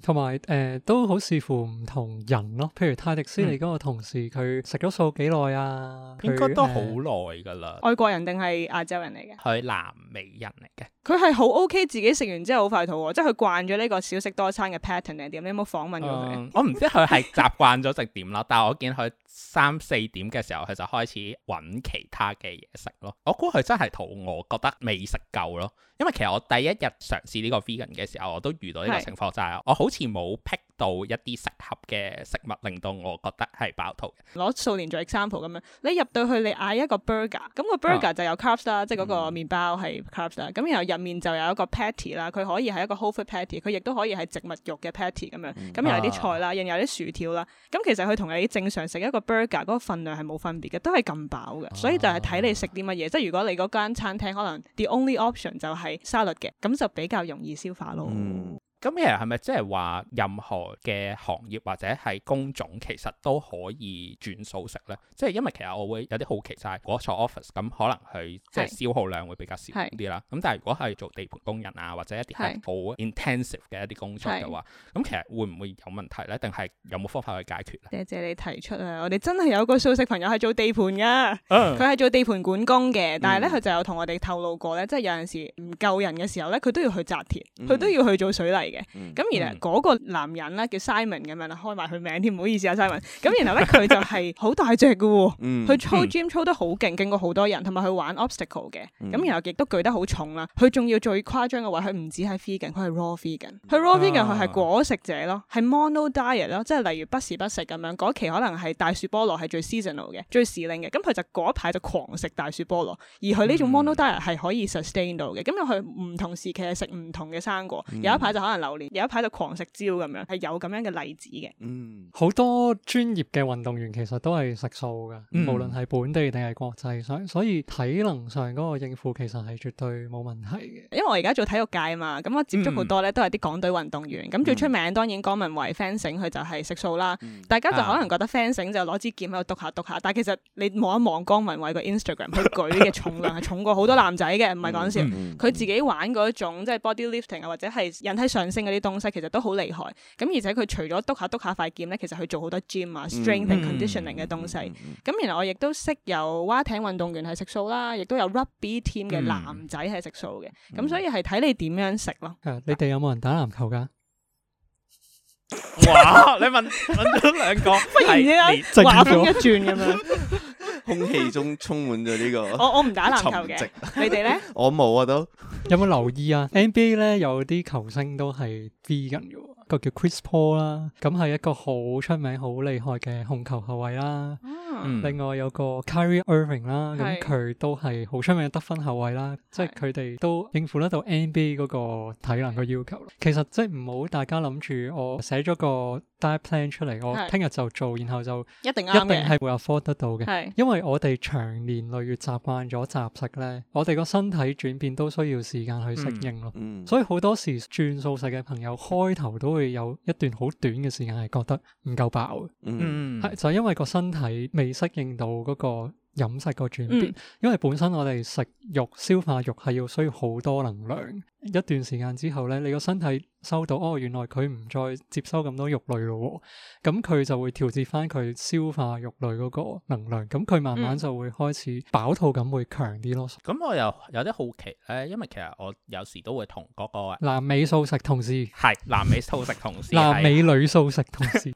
Speaker 3: 同埋誒都好視乎唔同人咯。譬如泰迪斯你嗰個同事佢食咗素幾耐啊？應該都好
Speaker 1: 耐㗎啦。
Speaker 4: 外國人定係亞洲人嚟嘅？
Speaker 1: 係南美人嚟
Speaker 4: 嘅。佢係好 OK 自己食完。真係好快肚餓，即係佢慣咗呢個少食多餐嘅 pattern 定係點？你有冇訪問過佢？Uh, 我唔知
Speaker 1: 佢係習慣咗食點啦， 但係我見佢。三四點嘅時候，佢就開始揾其他嘅嘢食咯。我估佢真係肚餓，覺得未食夠咯。因為其實我第一日嘗試呢個 vegan 嘅時候，我都遇到呢個情況，就係是我好似冇 pick 到一啲適合嘅食物，令到我覺得係飽肚嘅。
Speaker 4: 攞數年做 example 咁樣，你入到去你嗌一個 burger，咁個 burger、啊、就有 crust 啦，即係嗰個麵包係 crust 啦。咁、嗯、然後入面就有一個 patty 啦，佢可以係一個 whole food patty，佢亦都可以係植物肉嘅 patty 咁樣。咁又、嗯、有啲菜啦，又有啲薯條啦。咁其實佢同你正常食一個。burger 嗰個份量係冇分別嘅，都係咁飽嘅，啊、所以就係睇你食啲乜嘢。啊、即係如果你嗰間餐廳可能 the only option 就係沙律嘅，咁就比較容易消化咯。嗯
Speaker 1: 咁其實係咪即係話任何嘅行業或者係工種其實都可以轉素食咧？即係因為其實我會有啲好奇就係我坐 office 咁可能佢即係消耗量會比較少啲啦。咁是但係如果係做地盤工人啊或者一啲好 intensive 嘅一啲工作嘅話，咁是其實會唔會有問題咧？定係有冇方法去解決咧？
Speaker 4: 謝謝你提出啊！我哋真係有個素食朋友係做地盤嘅，佢係、嗯、做地盤管工嘅，但係咧佢就有同我哋透露過咧，嗯、即係有陣時唔夠人嘅時候咧，佢都要去紮鐵，佢都要去做水泥。嗯嘅咁，嗯、然後嗰個男人咧叫 Simon 咁樣啦，開埋佢名添，唔好意思啊 Simon。咁然後咧佢就係好大隻嘅喎，佢操 gym 操得好勁，經過好多人，同埋佢玩 obstacle 嘅。咁、嗯、然後亦都舉得好重啦，佢仲要最誇張嘅話，佢唔止係 vegan 嘅，佢係 raw vegan 嘅。佢 raw vegan 嘅佢係果食者咯，係、啊、mono diet 咯，即係例如不時不食咁樣。嗰期可能係大樹菠蘿係最 seasonal 嘅，最時令嘅。咁佢就嗰一排就狂食大樹菠蘿，而佢呢種 mono diet 係可以 sustain 到嘅。咁又佢唔同時期係食唔同嘅生果，嗯、有一排就可能。榴蓮有一排就狂食蕉咁樣，係有咁樣嘅例子嘅。
Speaker 3: 嗯，好多專業嘅運動員其實都係食素嘅，嗯、無論係本地定係國際，所以所以體能上嗰個應付其實係絕對冇問題
Speaker 4: 嘅。因為我而家做體育界啊嘛，咁我接觸好多咧都係啲港隊運動員。咁、嗯、最出名當然江文偉 Fencing 佢就係食素啦。嗯、大家就可能覺得 Fencing 就攞支劍喺度篤下篤下，嗯、但係其實你望一望江文偉個 Instagram 佢舉嘅重量係重過好多男仔嘅，唔係講笑。佢、嗯嗯、自己玩嗰一種即係 body lifting 啊，或者係引體上。升嗰啲東西其實都好厲害，咁而且佢除咗督下督下塊劍咧，其實佢做好多 gym 啊、strength and conditioning 嘅東西。咁原、嗯、後我亦都識有蛙艇運動員係食素啦，亦都有 rugby team 嘅男仔係食素嘅。咁、嗯、所以係睇你點樣食咯、嗯。
Speaker 3: 你哋有冇人打籃球噶？ 哇！你問問咗兩個，忽然之間話風一轉咁樣。 空氣中充滿
Speaker 2: 咗呢個，我籃。 尋直笑我唔打籃球嘅，
Speaker 3: 你哋咧？我冇啊都。有冇留意啊？NBA 咧有啲球星都係 vegan 嘅，個叫 Chris Paul 啦，咁係一個好出名、好厲害嘅控球後衛啦。嗯另外有個 Kyrie Irving 啦，咁佢是都係好出名嘅得分後衞啦，是即係佢哋都應付得到 NBA 嗰個體能嘅要求。是其實即係唔好大家諗住我寫咗個 diet plan 出嚟，是我聽日就做，然後就一定一定係會 afford 得到嘅。是因為我哋長年累月習慣咗雜食咧，我哋個身體轉變都需要時間去適應咯。嗯嗯、所以好多時轉素食嘅朋友開頭都會有一段好短嘅時間係覺得唔夠飽嘅。嗯，係就係因為個身體未適應到嗰個。飲食個轉變，因為本身我哋食肉消化肉係要需要好多能量。一段時間之後咧，你個身體收到哦，原來佢唔再接收咁多肉類咯，咁佢就會調節返佢消化肉類嗰個能量。咁佢慢慢就會開始飽肚感會強啲咯。咁
Speaker 1: 我又有啲好奇咧，因為其實我有時都會同嗰個南美
Speaker 3: 素食同事係南美素食同事、 南美女素食同事去
Speaker 1: 一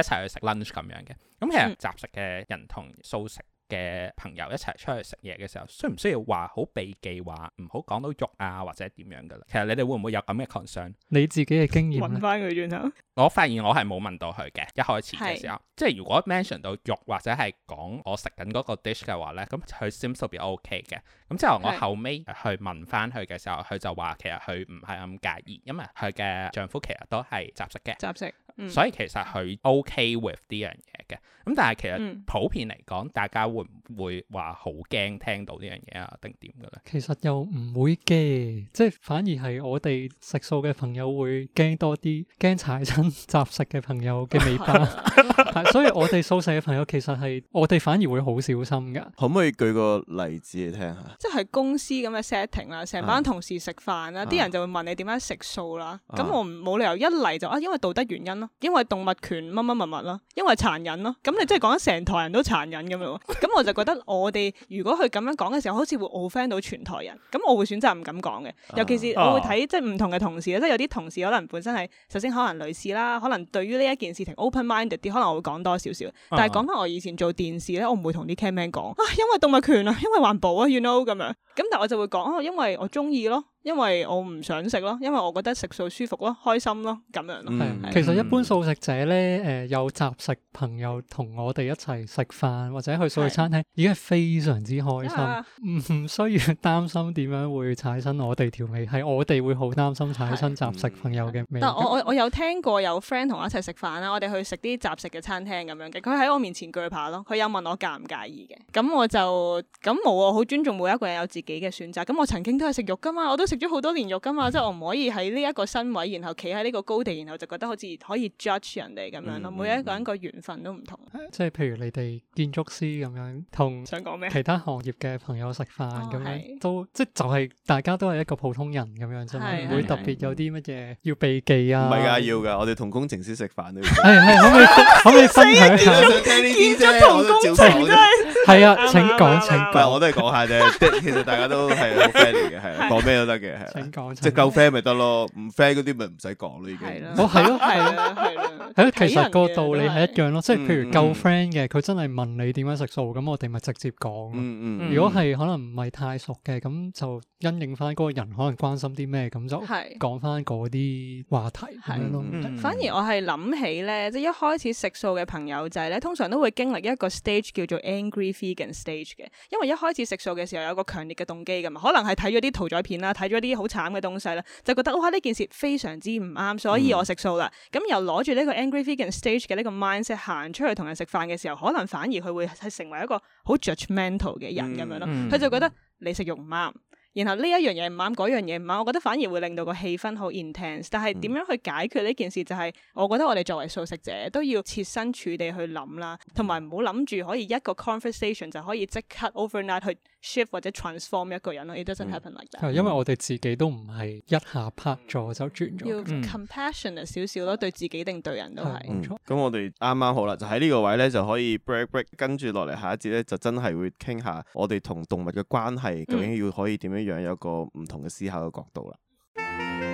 Speaker 1: 齊去食 lunch 咁樣嘅。咁其實雜食嘅人同素食嘅朋友一齊出去食嘢嘅時候，需唔需要話好避忌話唔好講到肉啊或者點樣噶啦？其實你哋會唔會有咁嘅 concern？
Speaker 3: 你自己嘅經驗咧， 問翻佢轉頭。
Speaker 1: 我發現我係冇問到佢嘅，一開始嘅時候，是即係如果 mention 到肉或者係講我食緊嗰個 dish 嘅話呢，咁佢 seems to be OK 嘅。咁之後我後尾去問翻佢嘅時候，佢是就話其實佢唔係咁介意，因為佢嘅丈夫其實都係雜食嘅。雜食。所以其實佢 OK with 呢樣嘢嘅，咁但係其實普遍嚟講，大家會唔會話好驚聽到呢樣嘢啊？定點嘅咧？
Speaker 3: 其實又唔會驚，即係反而係我哋食素嘅朋友會驚多啲，驚踩親雜食嘅朋友嘅尾巴。所以我哋素食嘅朋友其實係我哋反而會好小心噶。 可唔可以舉個例子嚟聽下？
Speaker 4: 即係公司咁嘅 setting 啦，成班同事食飯啦，啲、啊、人就會問你點樣食素啦。咁、啊、我冇理由一嚟就啊，因為道德，德原因。因為動物權乜乜物物啦，因為殘忍咯，咁你真係講成台人都殘忍咁樣，咁我就覺得我哋如果佢咁樣講嘅時候，好似會 offend 到全台人，咁我會選擇唔咁講嘅。尤其是我會睇即係唔同嘅同事 uh, uh. 即係有啲同事可能本身係首先可能女士啦，可能對於呢一件事情 open minded 啲，可能我會講多少少。但係講翻我以前做電視咧，我唔會同啲 cameraman 講啊，因為動物權啊，因為環保啊，you know 咁樣。咁但係我就會講啊，因為我中意咯。因為我唔想食咯，因為我覺得食素舒服咯，開心咯，咁樣咯。係、嗯、其實
Speaker 3: 一般素食者咧，誒、嗯呃、有雜食朋友同我哋一齊食飯或者去素食餐廳，已經係非常之開心，唔需要擔心點樣會產生我哋條味，係我哋會好擔心產生雜食朋友嘅味。但我
Speaker 4: 我我有聽過有 friend 同我一齊食飯啦，我哋去食啲雜食嘅餐廳咁樣嘅，佢喺我面前鋸扒咯，佢有問我介唔介意嘅，咁我就咁冇啊，好尊重每一個人有自己嘅選擇。咁我曾經都係食肉㗎嘛，我都。食咗好多年肉噶嘛，即係我唔可以喺呢一個身位，然後企喺呢個高地，然後就覺得好似可以 judge 人哋咁樣咯。每一個人個緣分都唔同，
Speaker 3: 即係譬如你哋建築師咁樣，同想講咩，其他行業嘅朋友食飯咁樣，都即係就係大家都係一個普通人咁樣啫，唔會特別有啲乜嘢要避忌啊。唔係噶，
Speaker 2: 要噶，我哋同工程師食飯都係係，可唔可以可唔可以分，我想聽呢建築同工程師？
Speaker 3: 係啊，請講，請
Speaker 2: 講，我都係講下啫。即係其實大家都係好 friendly 嘅，係講咩都得。想講即係夠 friend 咪得咯，唔 friend 嗰啲咪唔使講咯，已經。係我係咯，係
Speaker 3: 咯，係咯，係咯。其實個道理係一樣咯，即係譬如夠 friend 嘅，佢真係問你點樣食素，咁我哋咪直接講咯。如果係可能唔係太熟嘅，咁就因應翻嗰個人可能關心啲咩，咁就講翻嗰啲話題咁咯。反而
Speaker 4: 我係諗起咧，即係一開始食素嘅朋友仔咧，通常都會經歷一個 stage 叫做 angry vegan stage 嘅，因為一開始食素嘅時候有個強烈嘅動機噶嘛，可能係睇咗啲屠宰片啦，睇，一啲好慘嘅東西啦，就覺得哇，呢件事非常之唔啱，所以我食素啦。咁又攞住呢個 angry vegan stage 嘅呢個 mindset 行出去同人食飯嘅時候，可能反而佢會係成為一個好 judgmental 嘅人咁樣咯。佢，嗯嗯，就覺得，嗯、你食肉唔啱，然後呢一樣嘢唔啱，嗰樣嘢唔啱，我覺得反而會令到個氣氛好 intense。但係點樣去解決呢件事，就是，就係我覺得我哋作為素食者都要設身處地去諗啦，同埋唔好諗住可以一個 conversation 就可以即刻 overnight 去。shift 或者 transform 一個人咯，it doesn't happen like
Speaker 3: that。因為我哋自己都唔係一下拍咗就轉咗。嗯、要
Speaker 4: compassionate 少少咯，對自己定對人都係。
Speaker 2: 咁、嗯、唔錯。我哋啱啱好啦，就喺呢個位咧，就可以 break break，跟住落嚟下一節咧，就真係會傾下我哋同動物嘅關係究竟要可以點樣樣有一個唔同嘅思考嘅角度啦。嗯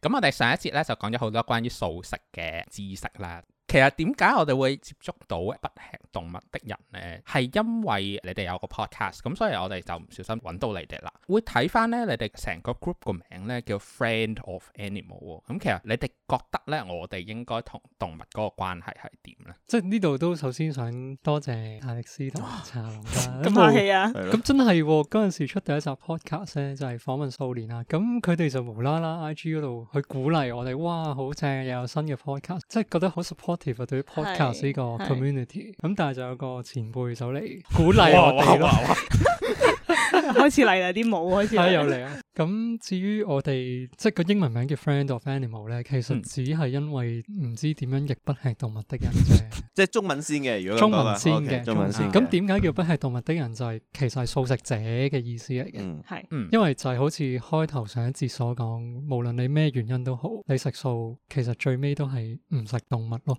Speaker 1: 咁我哋上一節咧就講咗好多關於素食嘅知識啦。其實點解我哋會接觸到不吃動物的人咧？係因為你哋有個 podcast，咁所以我哋就唔小心揾到你哋啦。會睇翻咧，你哋成個 group 個名咧叫 Friend of Animal 咁、嗯、其實你哋覺得咧，我哋應該同動物嗰個關係係點
Speaker 3: 咧？即係呢度都首先想多謝泰力斯同查龍啦。咁唔好客氣啊！咁真係嗰陣時出第一集 podcast 咧，就係訪問素蓮啊。咁佢哋就無啦啦 IG 嗰度去鼓勵我哋，哇！好正又有新嘅 podcast，即係覺得好 support。對於 podcast 呢個 community，咁但係就有個前輩走嚟鼓勵我哋
Speaker 4: 開始嚟啦啲舞開始，又嚟
Speaker 3: 啊。咁至於我哋即係個英文名叫 friend of animal 咧，其實只係因為唔知點樣譯不吃動物的人啫。即係中文先嘅，如果中文先嘅，中文先。咁點解叫不吃動物的人就係其實係素食者嘅意思嚟嘅？係，因為就係好似開頭上一節所講，無論你咩原因都好，你食素其實最尾都係唔食動物咯。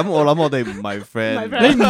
Speaker 3: 咁我諗
Speaker 2: 我哋唔係 friend，
Speaker 5: 你唔不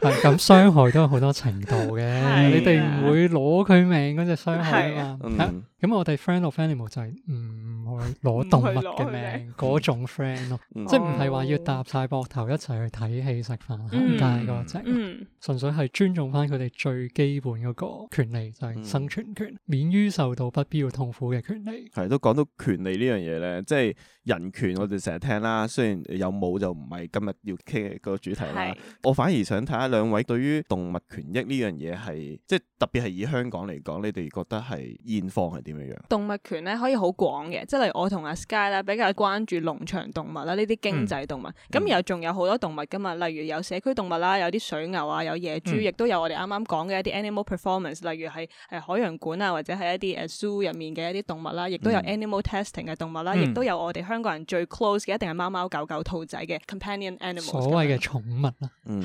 Speaker 5: 會咁傷 害都有好多程度
Speaker 3: 嘅，的你哋唔會攞佢命嗰隻傷害的啊嘛。咁我哋 friend of animal 就係唔會攞動物嘅命嗰 種 friend 咯， 嗯、即係唔係話要搭晒膊頭一齊去睇戲食飯，行街嗰隻純粹係尊重翻佢哋最基本嗰個權利，就係、是、生存權，嗯、免於受到不必要痛苦嘅權利。
Speaker 2: 係都講到權利呢樣嘢咧，即係人權，我哋成日聽啦。雖然有冇就唔係今日要傾嘅個主題啦，是我反而想睇下兩位對於動物權益呢樣嘢係，即係特別係以香港嚟講，你哋覺得係現況係點？
Speaker 4: 動物權咧可以好廣嘅，即係我同阿 Sky 咧比較關注農場動物啦，呢啲經濟動物，咁又仲有好多動物噶嘛，例如有社區動物啦，有啲水牛啊，有野豬，亦、嗯、都有我哋啱啱講嘅一啲 animal performance，例如係係海洋館啊，或者係一啲誒、uh, zoo 入面嘅一啲動物啦，亦都有 animal testing 嘅動物啦，亦、嗯、都有我哋香港人最 close 嘅一定係貓貓狗狗兔仔嘅 companion animals，所謂嘅
Speaker 3: 寵物啦，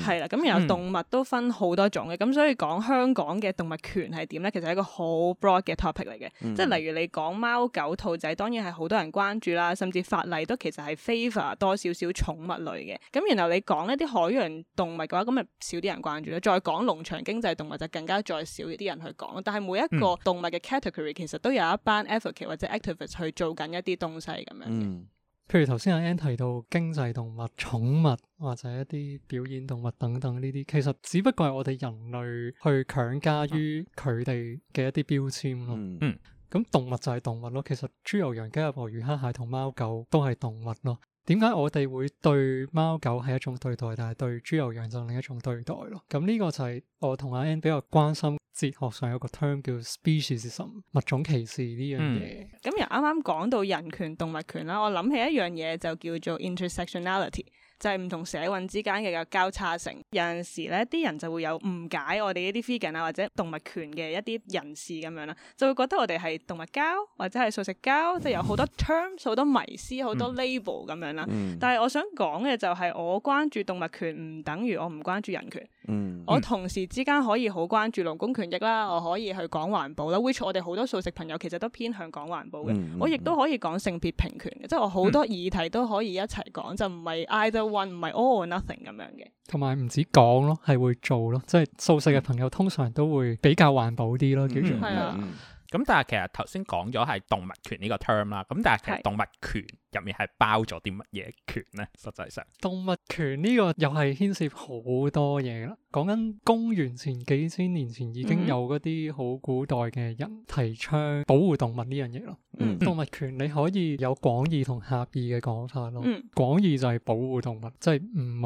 Speaker 3: 係啦樣，咁有、嗯、動
Speaker 4: 物都分好多種嘅，咁所以講香港嘅動物權係點咧，其實係一個好 broad 嘅 topic 嚟嘅、嗯。嗯、即係例如你講貓狗兔仔，當然係好多人關注啦，甚至法例都其實係 favor 多少少寵物類嘅。咁然後你講一啲海洋動物嘅話，咁咪少啲人關注咧。再講農場經濟動物就更加再少啲人去講。但係每一個動物嘅 category、嗯、其實都有一班 effort 或者 activist 去做緊一啲東西咁
Speaker 5: 樣
Speaker 3: 嘅。譬、嗯、如頭先阿 Ann 提到經濟動物、寵物或者一啲表演動物等等呢啲，其實只不過係我哋人類去強加於佢哋嘅一啲標籤咯、嗯。嗯。嗯咁動物就係動物咯，其實豬、牛、羊、雞、鴨、魚、蝦、蟹同貓、狗都係動物咯。點解我哋會對貓狗係一種對待，但係對豬、牛、羊就另一種對待咯？咁呢個就係我同阿 N 比較關心哲學上有一個 term 叫 speciesism，物種歧視呢樣嘢。咁
Speaker 4: 又啱啱講到人權、動物權啦，我諗起一樣嘢就叫做 intersectionality。就係唔同社運之間嘅個交叉性，有陣時咧，啲人就會有誤解我哋呢啲 figure 啊，或者動物權嘅一啲人士咁樣啦，就會覺得我哋係動物膠或者係素食膠，即係有好多 terms、好多迷思、好多 label 咁樣啦。但係我想講嘅就係，我關注動物權唔等於我唔關注人權。嗯，mm hmm. 我同事之間可以好關注勞工權益啦，我可以去講環保啦，which 我哋好多素食朋友其實都偏向講環保嘅
Speaker 5: ，mm
Speaker 3: hmm.
Speaker 4: 我亦都可以講性別平權嘅，即係我好多議題都可以一齊講，就唔係 either
Speaker 1: one，唔係 all or nothing 咁樣嘅。
Speaker 3: 同埋唔止講咯，係會做咯，即係素食嘅朋友通常都會比較環保啲咯，叫做係啊。
Speaker 1: 咁、嗯、但係其實頭先講咗係動物權呢個 term 啦，咁但係其實動物權。入面係包咗啲乜嘢權呢？實際上
Speaker 3: 動物權呢個又係牽涉好多嘢啦。講緊公元前幾千年前已經有嗰啲好古代嘅人提倡保護動物呢樣嘢咯。嗯、動物權你可以有廣義同狹義嘅講法咯。廣義、嗯、就係保護動物，即係唔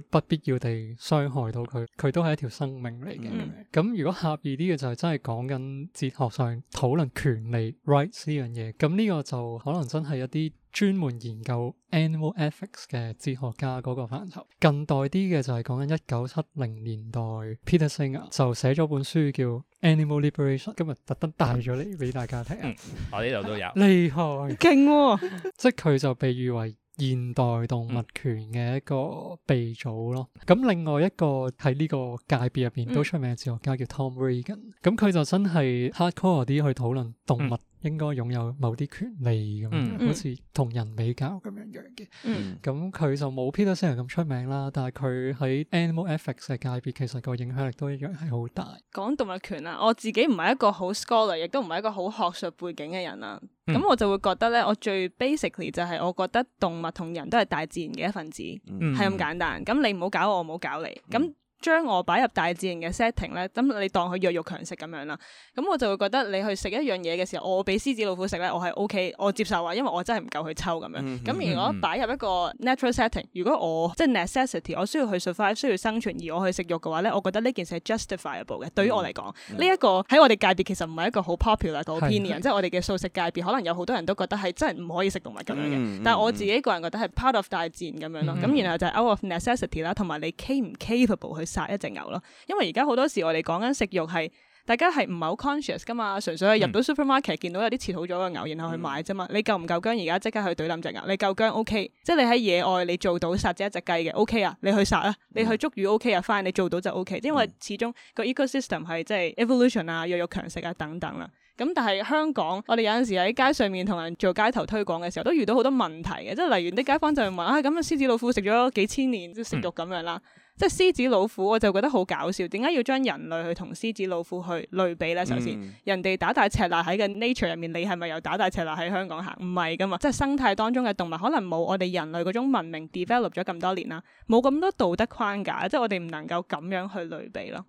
Speaker 3: 好不必要地傷害到佢，佢都係一條生命嚟嘅。咁、嗯、如果狹義啲嘅就係真係講緊哲學上討論權利 right 呢樣嘢。咁呢個就可能真係一啲。專門研究 animal ethics 嘅哲學家嗰個範疇，近代啲嘅就係講緊一九七零年代，Peter Singer 就寫咗本書叫《Animal Liberation》，今日特登帶咗嚟俾大家聽、啊嗯、我呢度都有、啊，厲害，勁喎、啊！ 即係佢就被譽為現代動物權嘅一個鼻祖咯。咁另外一個喺呢個界別入邊都出名嘅哲學家叫 Tom Regan，a 咁佢就真係 hardcore 啲去討論動物、嗯。應該擁有某啲權利咁好似同人比較咁樣樣嘅。咁佢、mm hmm. 就冇 Peter Singer 咁出名啦，但係佢喺 Animal Ethics 界別其實個影響力都一樣係好大。
Speaker 4: 講動物權啊，我自己唔係一個好 scholar，亦都唔係一個好學術背景嘅人啦。咁、mm hmm. 我就會覺得咧，我最 basically 就係我覺得動物同人都係大自然嘅一份子，係咁、mm hmm. 簡單。咁你唔好搞我，我唔好搞你。咁、mm。Hmm. 將我擺入大自然嘅 setting 咧，咁你當佢弱肉強食咁樣啦。咁我就會覺得你去食一樣嘢嘅時候，我俾獅子老虎食咧，我係 OK，我接受啊，因為我真係唔夠去抽咁樣。咁如果擺入一個 natural setting，如果我即係 necessity，我需要去 survive，需要生存而我去食肉嘅話咧，我覺得呢件事係 justifiable 嘅。嗯、對於我嚟講，呢一、嗯、個喺我哋界別其實唔係一個好 popular 嘅 opinion，即係我哋嘅素食界別可能有好多人都覺得係真係唔可以食動物咁樣嘅。嗯嗯、但係我自己個人覺得係 part of 大自然咁樣咯。咁、嗯嗯嗯、然後就係 out of necessity 啦，同埋你 cap 唔 capable 去。殺一隻牛咯，因為而家好多時我哋講緊食肉係，大家係唔係好 conscious 㗎嘛？純粹係入到 supermarket、嗯、見到有啲切好咗嘅牛，然後去買啫嘛。嗯、你夠唔夠薑？而家即刻去懟冧隻牛，你夠薑 OK。即係你喺野外你做到殺隻一隻雞嘅 OK 啊，你去殺啊，嗯、你去捉魚 OK 啊，反正你做到就 OK。因為始終個 ecosystem 係即係 evolution 啊，弱肉強食啊等等啦。咁但係香港，我哋有陣時喺街上面同人做街頭推廣嘅時候，都遇到好多問題嘅。即係例如啲街坊就問啊，咁啊，獅子老虎食咗幾千年即食肉咁樣啦。即係獅子老虎，我就覺得好搞笑。點解要將人類去同獅子老虎去類比咧？首先，嗯、人哋打大赤肋喺個 nature 入面，你係咪又打大赤肋喺香港行？唔係噶嘛，即係生態當中嘅動物，可能冇我哋人類嗰種文明 develop 咗咁多年啦，冇咁多道德框架，即係我哋唔能夠咁樣去類比咯。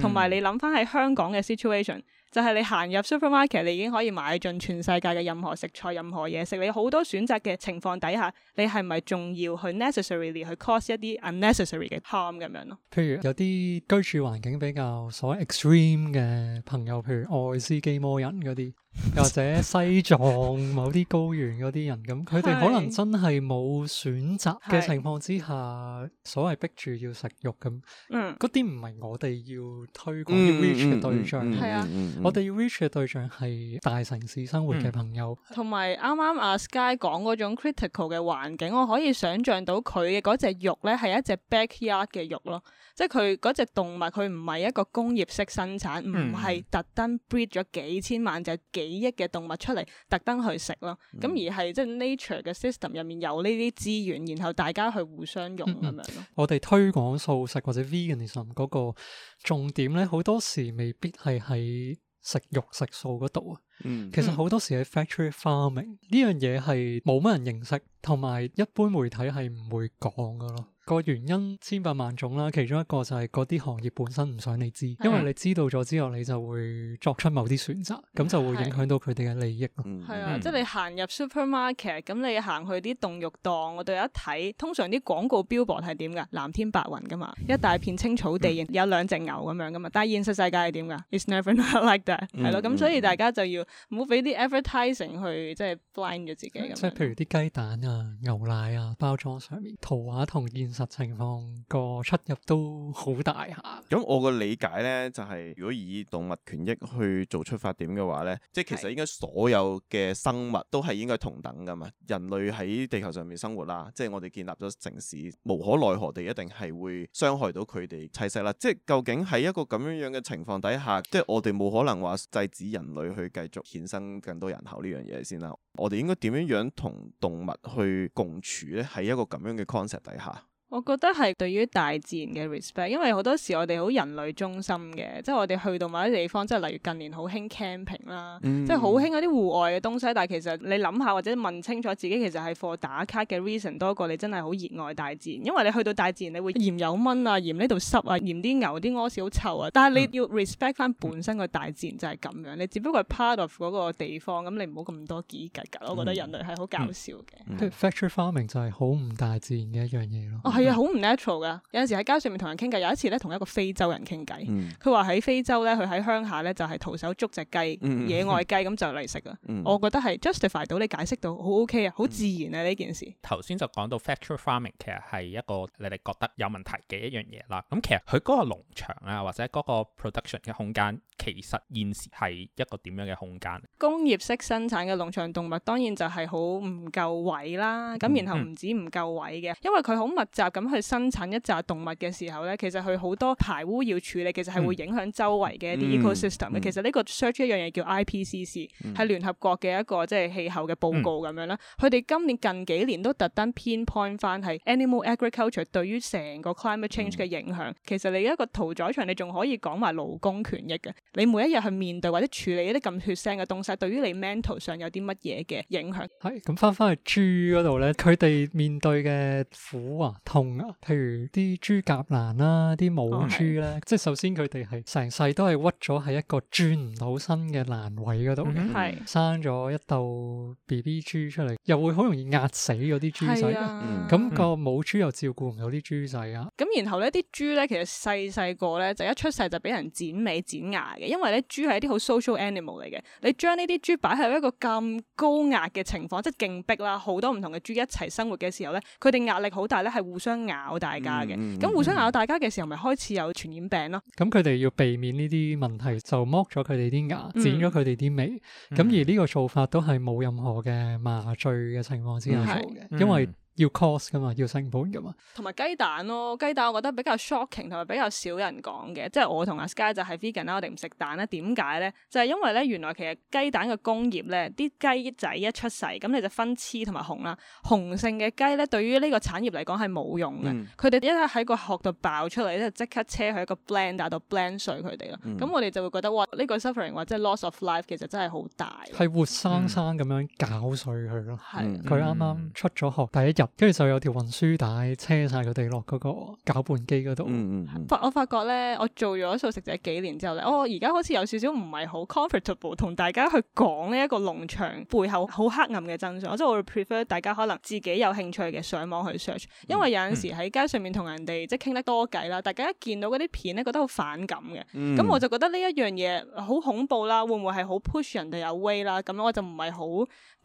Speaker 4: 同埋、嗯嗯、你諗翻喺香港嘅 situation。就係你行入 supermarket，你已經可以買盡全世界嘅任何食材、任何嘢食。你好多選擇嘅情況底下，你係咪仲要去 necessarily 去 cause 一啲 unnecessary 嘅 harm 咁樣咯？
Speaker 3: 譬如有啲居住環境比較所謂 extreme 嘅朋友，譬如愛斯基摩人嗰啲。或者西藏某啲高原嗰啲人咁，佢哋 可能真係冇選擇嘅情況之下，是所謂逼住要食肉咁。嗯，嗰啲唔係我哋要推廣要 reach 嘅對象。係啊、嗯，我哋要 reach 嘅對象係大城市生活嘅朋友。
Speaker 4: 同埋啱啱阿 Sky 講嗰種 critical 嘅環境，我可以想象到佢嘅嗰隻肉咧係一隻 backyard 嘅肉咯，即係佢嗰隻動物佢唔係一個工業式生產，唔係特登 breed 咗幾千萬隻幾億嘅動物出嚟，特登去食咯，咁、嗯、而、就是、係即係 nature 嘅 system 入面有呢啲資源，然後大家去互相用咁樣咯。
Speaker 3: 嗯、我哋推廣素食或者 veganism 嗰、那個重點咧，好多時未必係喺食肉食素嗰度啊。嗯，其實好多時喺 factory farming 呢、嗯、樣嘢係冇乜人認識，同埋一般媒體係唔會講噶咯。個原因千百萬種啦，其中一個就係嗰啲行業本身唔想你知，因為你知道咗之後你就會作出某啲選擇，咁的就會影響到佢哋嘅利益咯。係啊的，嗯、即係
Speaker 4: 你行入 supermarket，咁你行去啲凍肉檔，我哋一睇，通常啲廣告標榜係點㗎？藍天白雲㗎嘛，一大片青草地，有兩隻牛咁樣㗎嘛。嗯、但係現實世界係點㗎？It's never not like that，係咯。咁所以大家就要唔好俾啲 advertising 去即係 blind 咗自己、嗯、即係譬如
Speaker 3: 啲雞蛋啊、牛奶啊包裝上面圖畫同現實情況個出入都好大下。
Speaker 4: 咁
Speaker 2: 我個理解呢，就係如果以動物權益去做出發點嘅話呢，即係其實應該所有嘅生物都係應該同等噶嘛。人類喺地球上面生活啦，即係我哋建立咗城市，無可奈何地一定係會傷害到佢哋棲息啦。即係究竟喺一個咁樣樣嘅情況底下，即係我哋冇可能話制止人類去繼續衍生更多人口呢樣嘢先啦。我哋應該點樣樣同動物去共處呢？喺一個咁樣嘅 concept 底下。
Speaker 4: 我覺得係對於大自然嘅 respect，因為好多時我哋好人類中心嘅，即係我哋去到某啲地方，即係例如近年好興 camping 啦，即係好興嗰啲戶外嘅東西。但係其實你諗下，或者問清楚自己，其實係 for 打卡嘅 reason 多過你真係好熱愛大自然。因為你去到大自然，你會嫌有蚊啊，嫌呢度濕啊，嫌啲牛啲屙屎好臭啊。但係你要 respect 翻本身個大自然就係咁樣，你只不過係 part of 嗰個地方，咁你唔好咁多格格。我覺得人類係好搞笑嘅。
Speaker 3: Factory farming 就係好唔大自然嘅一樣嘢咯。
Speaker 4: 佢好唔 natural 噶，有陣時喺街上面同人傾偈。有一次咧，同一個非洲人傾偈，佢話喺非洲咧，佢喺鄉下咧就係、是、徒手捉隻雞，嗯、野外雞咁就嚟食啊！嗯、我覺得係 justify 到你解釋到好 OK 啊，好自然啊呢、嗯、件事。
Speaker 1: 頭先就講到 factory farming，其實係一個你哋覺得有問題嘅一樣嘢啦。咁其實佢嗰個農場啊，或者嗰個 production 嘅空間，其實現時係一個點樣嘅空間？
Speaker 4: 工業式生產嘅農場動物當然就係好唔夠位啦。咁然後唔止唔夠位嘅，嗯、因為佢好密集。咁去生產一隻動物嘅時候咧，其實佢好多排污要處理，其實係會影響周圍嘅一啲 ecosystem 嘅。其實呢個 search 一樣嘢叫 IPCC 係聯合國嘅一個即係氣候嘅報告咁樣啦。佢哋今年近幾年都特登 pinpoint 翻係 animal agriculture 對於成個 climate change 嘅影響。其實你一個屠宰場，你仲可以講埋勞工權益嘅。你每一日去面對或者處理一啲咁血腥嘅東西，對於你 mental 上有啲乜嘢嘅影響？
Speaker 3: 係咁翻翻去豬嗰度咧，佢哋面對嘅苦啊！同啊！譬如啲豬夾欄啦，啲母豬咧，嗯、即係首先佢哋係成世都係屈咗喺一個轉唔到身嘅欄位嗰度，嗯、生咗一竇 B B 豬出嚟，又會好容易壓死嗰啲豬仔。咁個母豬又照顧唔到啲豬仔啊！
Speaker 4: 咁、嗯、然後咧，啲豬咧其實細細個咧就一出世就俾人剪尾剪牙嘅，因為咧豬係一啲好 social animal 嚟嘅。你將呢啲豬擺喺一個咁高壓嘅情況，即係勁逼啦，好多唔同嘅豬，豬一齊生活嘅時候咧，佢哋壓力好大咧，係相咬大家嘅，咁、嗯嗯、互相咬大家嘅時候，咪、嗯、開始有傳染病咯。
Speaker 3: 咁佢哋要避免呢啲問題，就剝咗佢哋啲牙，剪咗佢哋啲尾。咁、嗯、而呢個做法都係冇任何嘅麻醉嘅情況之下做嘅，嗯、因為。要 cost 噶嘛，要成本噶嘛，同
Speaker 4: 埋雞蛋咯，雞蛋我覺得比較 shocking，同埋比較少人講嘅，即係我同阿 Sky 就係 vegan 啦，我哋唔食蛋咧，點解咧？就係、是、因為咧，原來其實雞蛋嘅工業咧，啲雞仔一出世咁你就分雌同埋雄啦，雄性嘅雞咧對於呢個產業嚟講係冇用嘅，佢哋、嗯、一喺個殼度爆出嚟咧，即刻車去一個 blender 度 blend 碎佢哋咯，咁、嗯、我哋就會覺得哇，呢、這個 suffering 或者 loss of life 其實真係好大，
Speaker 3: 係、嗯、活生生咁樣攪碎佢咯，係佢啱啱出咗殼，但係一。跟住就有條運輸帶車晒佢哋落嗰個攪拌機嗰度。嗯嗯嗯、
Speaker 4: 我發覺咧，我做咗素食者幾年之後咧，我而家好似有少少唔係好 comfortable 同大家去講呢一個農場背後好黑暗嘅真相。我覺得我會 prefer 大家可能自己有興趣嘅上網去 search，嗯嗯、因為有陣時喺街上面同人哋即係傾得多偈啦，大家一見到嗰啲片咧覺得好反感嘅。咁、嗯、我就覺得呢一樣嘢好恐怖啦，會唔會係好 push 人哋 away 啦？咁我就唔係好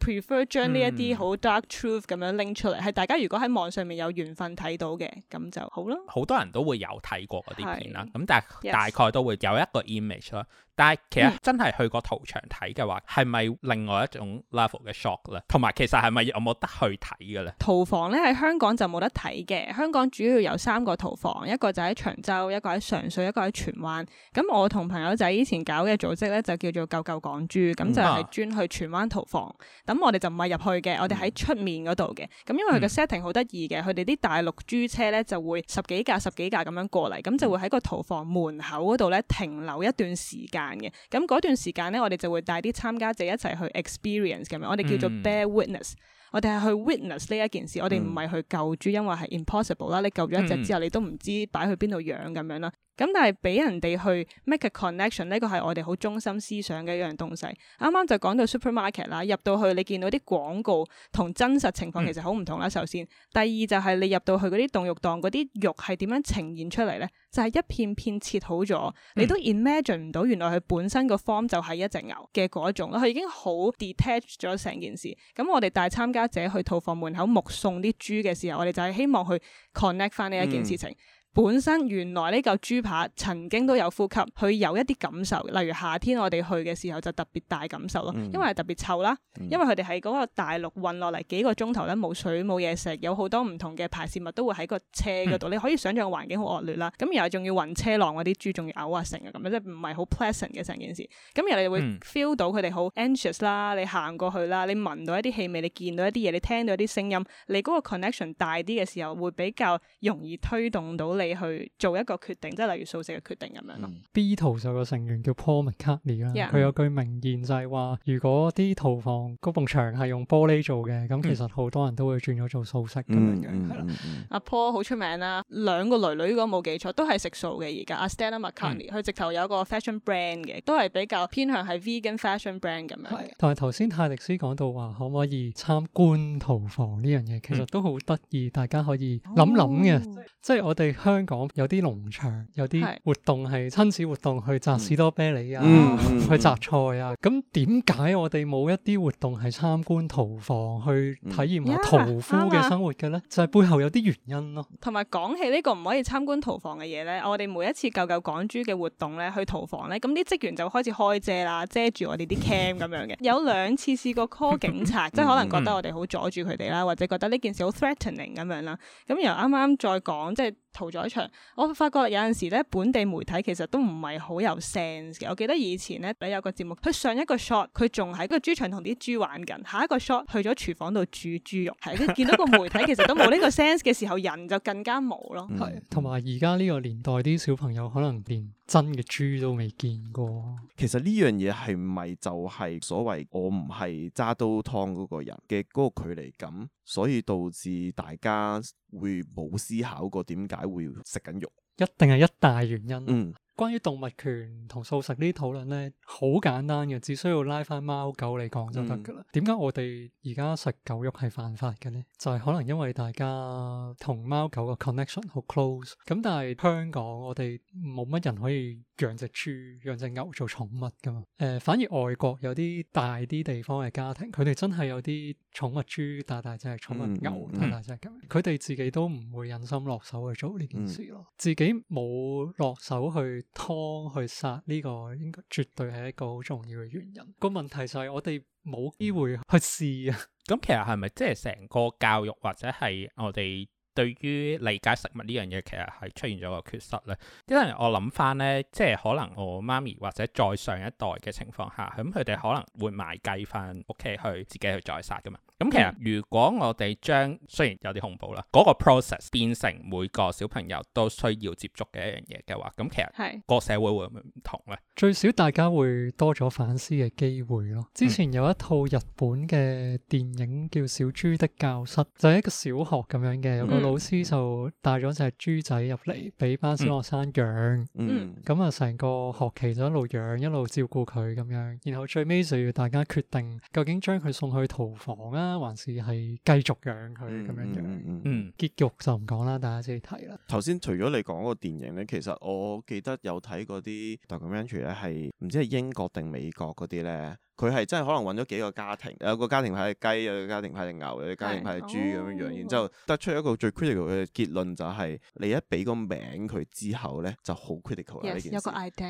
Speaker 4: prefer 將呢一啲好 dark truth 咁樣拎出嚟。大家如果喺網上面有緣分睇到嘅，咁就好咯。
Speaker 1: 好多人都會有睇過嗰啲片啦，咁但係是大 Yes. 大概都會有一個 image 啦。但係其實真係去個屠場睇嘅話，係咪另外一種 level 嘅 shock 咧？同埋其實係咪有冇得去睇嘅咧？
Speaker 4: 屠房咧喺香港就冇得睇嘅。香港主要有三個屠房，一個就喺長洲，一個喺上水，一個喺荃灣。咁我同朋友仔以前搞嘅組織咧，就叫做救救港豬，咁就係專去荃灣屠房。咁、啊、我哋就唔係入去嘅，我哋喺出面嗰度嘅。咁、嗯、因為佢嘅 setting 好得意嘅，佢哋啲大陸豬車咧就會十幾架、十幾架咁樣過嚟，咁就會喺個屠房門口嗰度咧停留一段時間嘅，咁嗰段時間咧，我哋就會帶啲參加者一齊去 experience 咁樣，我哋叫做 bear witness，我哋係去 witness 呢一件事，我哋唔係去救豬，因為係 impossible 啦，你救咗一隻之後，你都唔知擺去邊度養咁樣啦。咁但係俾人哋去 make a connection，呢個係我哋好中心思想嘅一樣東西。啱啱就講到 supermarket 啦，入到去你見到啲廣告同真實情況其實好唔同啦。嗯、首先，第二就係你入到去嗰啲凍肉檔，嗰啲肉係點樣呈現出嚟咧？就係、是、一片片切好咗，嗯、你都 imagine 唔到原來佢本身個 form 就係一隻牛嘅嗰種啦。佢已經好 detach 咗成件事。咁我哋帶參加者去屠房門口目送啲豬嘅時候，我哋就係希望去 connect 翻呢一件事情。嗯本身原來呢嚿豬扒曾經都有呼吸，佢有一啲感受。例如夏天我哋去嘅時候就特別大感受咯，嗯、因為係特別臭啦。嗯、因為佢哋係嗰個大陸運落嚟幾個鐘頭咧，冇水冇嘢食，有好多唔同嘅排泄物都會喺個車嗰度。嗯、你可以想象環境好惡劣啦。咁然後仲要暈車浪，嗰啲豬仲要嘔啊成啊咁樣，嗯、即係唔係好 pleasant 嘅成件事。咁人哋你會 feel 到佢哋好 anxious 啦，你行過去啦，你聞到一啲氣味，你見到一啲嘢，你聽到一啲聲音，你嗰個 connection 大啲嘅時候，會比較容易推動到。你去做一個決定，即係例如素食嘅決定咁樣咯。
Speaker 3: Beatles 就有個成員叫 Paul McCartney 啦 Yeah .，佢有句名言就係話：如果啲屠房嗰埲牆係用玻璃做嘅，咁其實好多人都會轉咗做素食咁樣
Speaker 4: 嘅係啦。阿 Paul 好出名啦，兩個女女如果冇記錯都係食素嘅而家。阿 Stella McCartney 佢直頭有個 fashion brand 嘅，都係比較偏向係 vegan fashion brand 咁樣嘅。的同
Speaker 3: 埋頭先泰迪斯講到話，可唔可以參觀屠房呢樣嘢？其實都好得意，mm. 大家可以諗諗嘅，oh. 即係我哋。香港有啲農場有啲活動係親子活動，去摘士多啤梨啊，嗯、去摘菜啊。咁點解我哋冇一啲活動係參觀屠房，去體驗下屠夫嘅生活嘅咧？嗯、yeah, 就係背後有啲原因咯。
Speaker 4: 同埋講起呢個唔可以參觀屠房嘅嘢咧，我哋每一次嚿嚿港豬嘅活動咧去屠房咧，咁啲職員就開始開遮啦，遮住我哋啲 cam 咁樣嘅。 有兩次試過 call 警察， 即係可能覺得我哋好阻住佢哋啦，或者覺得呢件事好 threatening 咁樣啦。咁由啱啱再講即係。屠宰場，我發覺有陣時咧，本地媒體其實都唔係好有 sense 嘅。我記得以前咧，你有個節目，佢上一個 shot 佢仲喺個豬場同啲豬玩緊，下一個 shot 去咗廚房度煮豬肉，係 見到個媒體其實都冇呢個 sense 嘅時候，人就更加冇咯。係
Speaker 3: 同埋而家呢個年代啲小朋友可能連。真嘅豬都未見過，
Speaker 2: 其實呢樣嘢係咪就係所謂我唔係揸刀劏嗰個人嘅嗰個距離感，所以導致大家會冇思考過點解會食緊肉，
Speaker 3: 一定係一大原因。嗯。關於動物權同素食討論呢啲討論咧，好簡單嘅，只需要拉返貓狗嚟講就得㗎喇。點解、嗯、我哋而家食狗肉係犯法嘅咧？就係、是、可能因為大家同貓狗個 connection 好 close，咁但係香港我哋冇乜人可以養隻豬、養隻牛做寵物㗎嘛？誒、呃，反而外國有啲大啲地方嘅家庭，佢哋真係有啲寵物豬大大隻、寵物牛大大隻咁，佢哋、嗯嗯、自己都唔會忍心落手去做呢件事咯，嗯嗯、自己冇落手去。劏去殺呢個應該絕對係一個好重要嘅原因。個問題就係我哋冇機會去試
Speaker 1: 啊。咁其實係咪即係成個教育或者係我哋對於理解食物呢樣嘢，其實係出現咗個缺失咧？因為我諗翻咧，即係可能我媽咪或者再上一代嘅情況下，咁佢哋可能會買雞翻屋企去自己去再殺㗎嘛。咁其實，如果我哋將雖然有啲恐怖啦，嗰個 process 變成每個小朋友都需要接觸嘅一樣嘢嘅話，咁其實嗰社會會唔會唔同咧？
Speaker 3: 是最少大家會多咗反思嘅機會咯。之前有一套日本嘅電影叫《小豬的教室》，就係一個小學咁樣嘅，有個老師就帶咗隻豬仔入嚟，俾班小學生養。嗯。咁啊，成個學期就一路養，一路照顧佢咁樣，然後最尾就要大家決定究竟將佢送去屠房啊？啦，還是係繼續養佢咁樣樣，嗯嗯、結局就唔講啦，大家先睇啦。
Speaker 2: 頭先除咗你講個電影咧，其實我記得有睇嗰啲 documentary 咧，係唔知係英國定美國嗰啲咧。佢係真係可能揾咗幾個家庭，有個家庭派定雞，有個家庭派定牛，有個家庭派定豬咁樣樣。然之後得出一個最 critical 嘅結論就係、是、你一俾個名佢之後咧，就好 critical 啊！呢 Yes, 件
Speaker 4: 事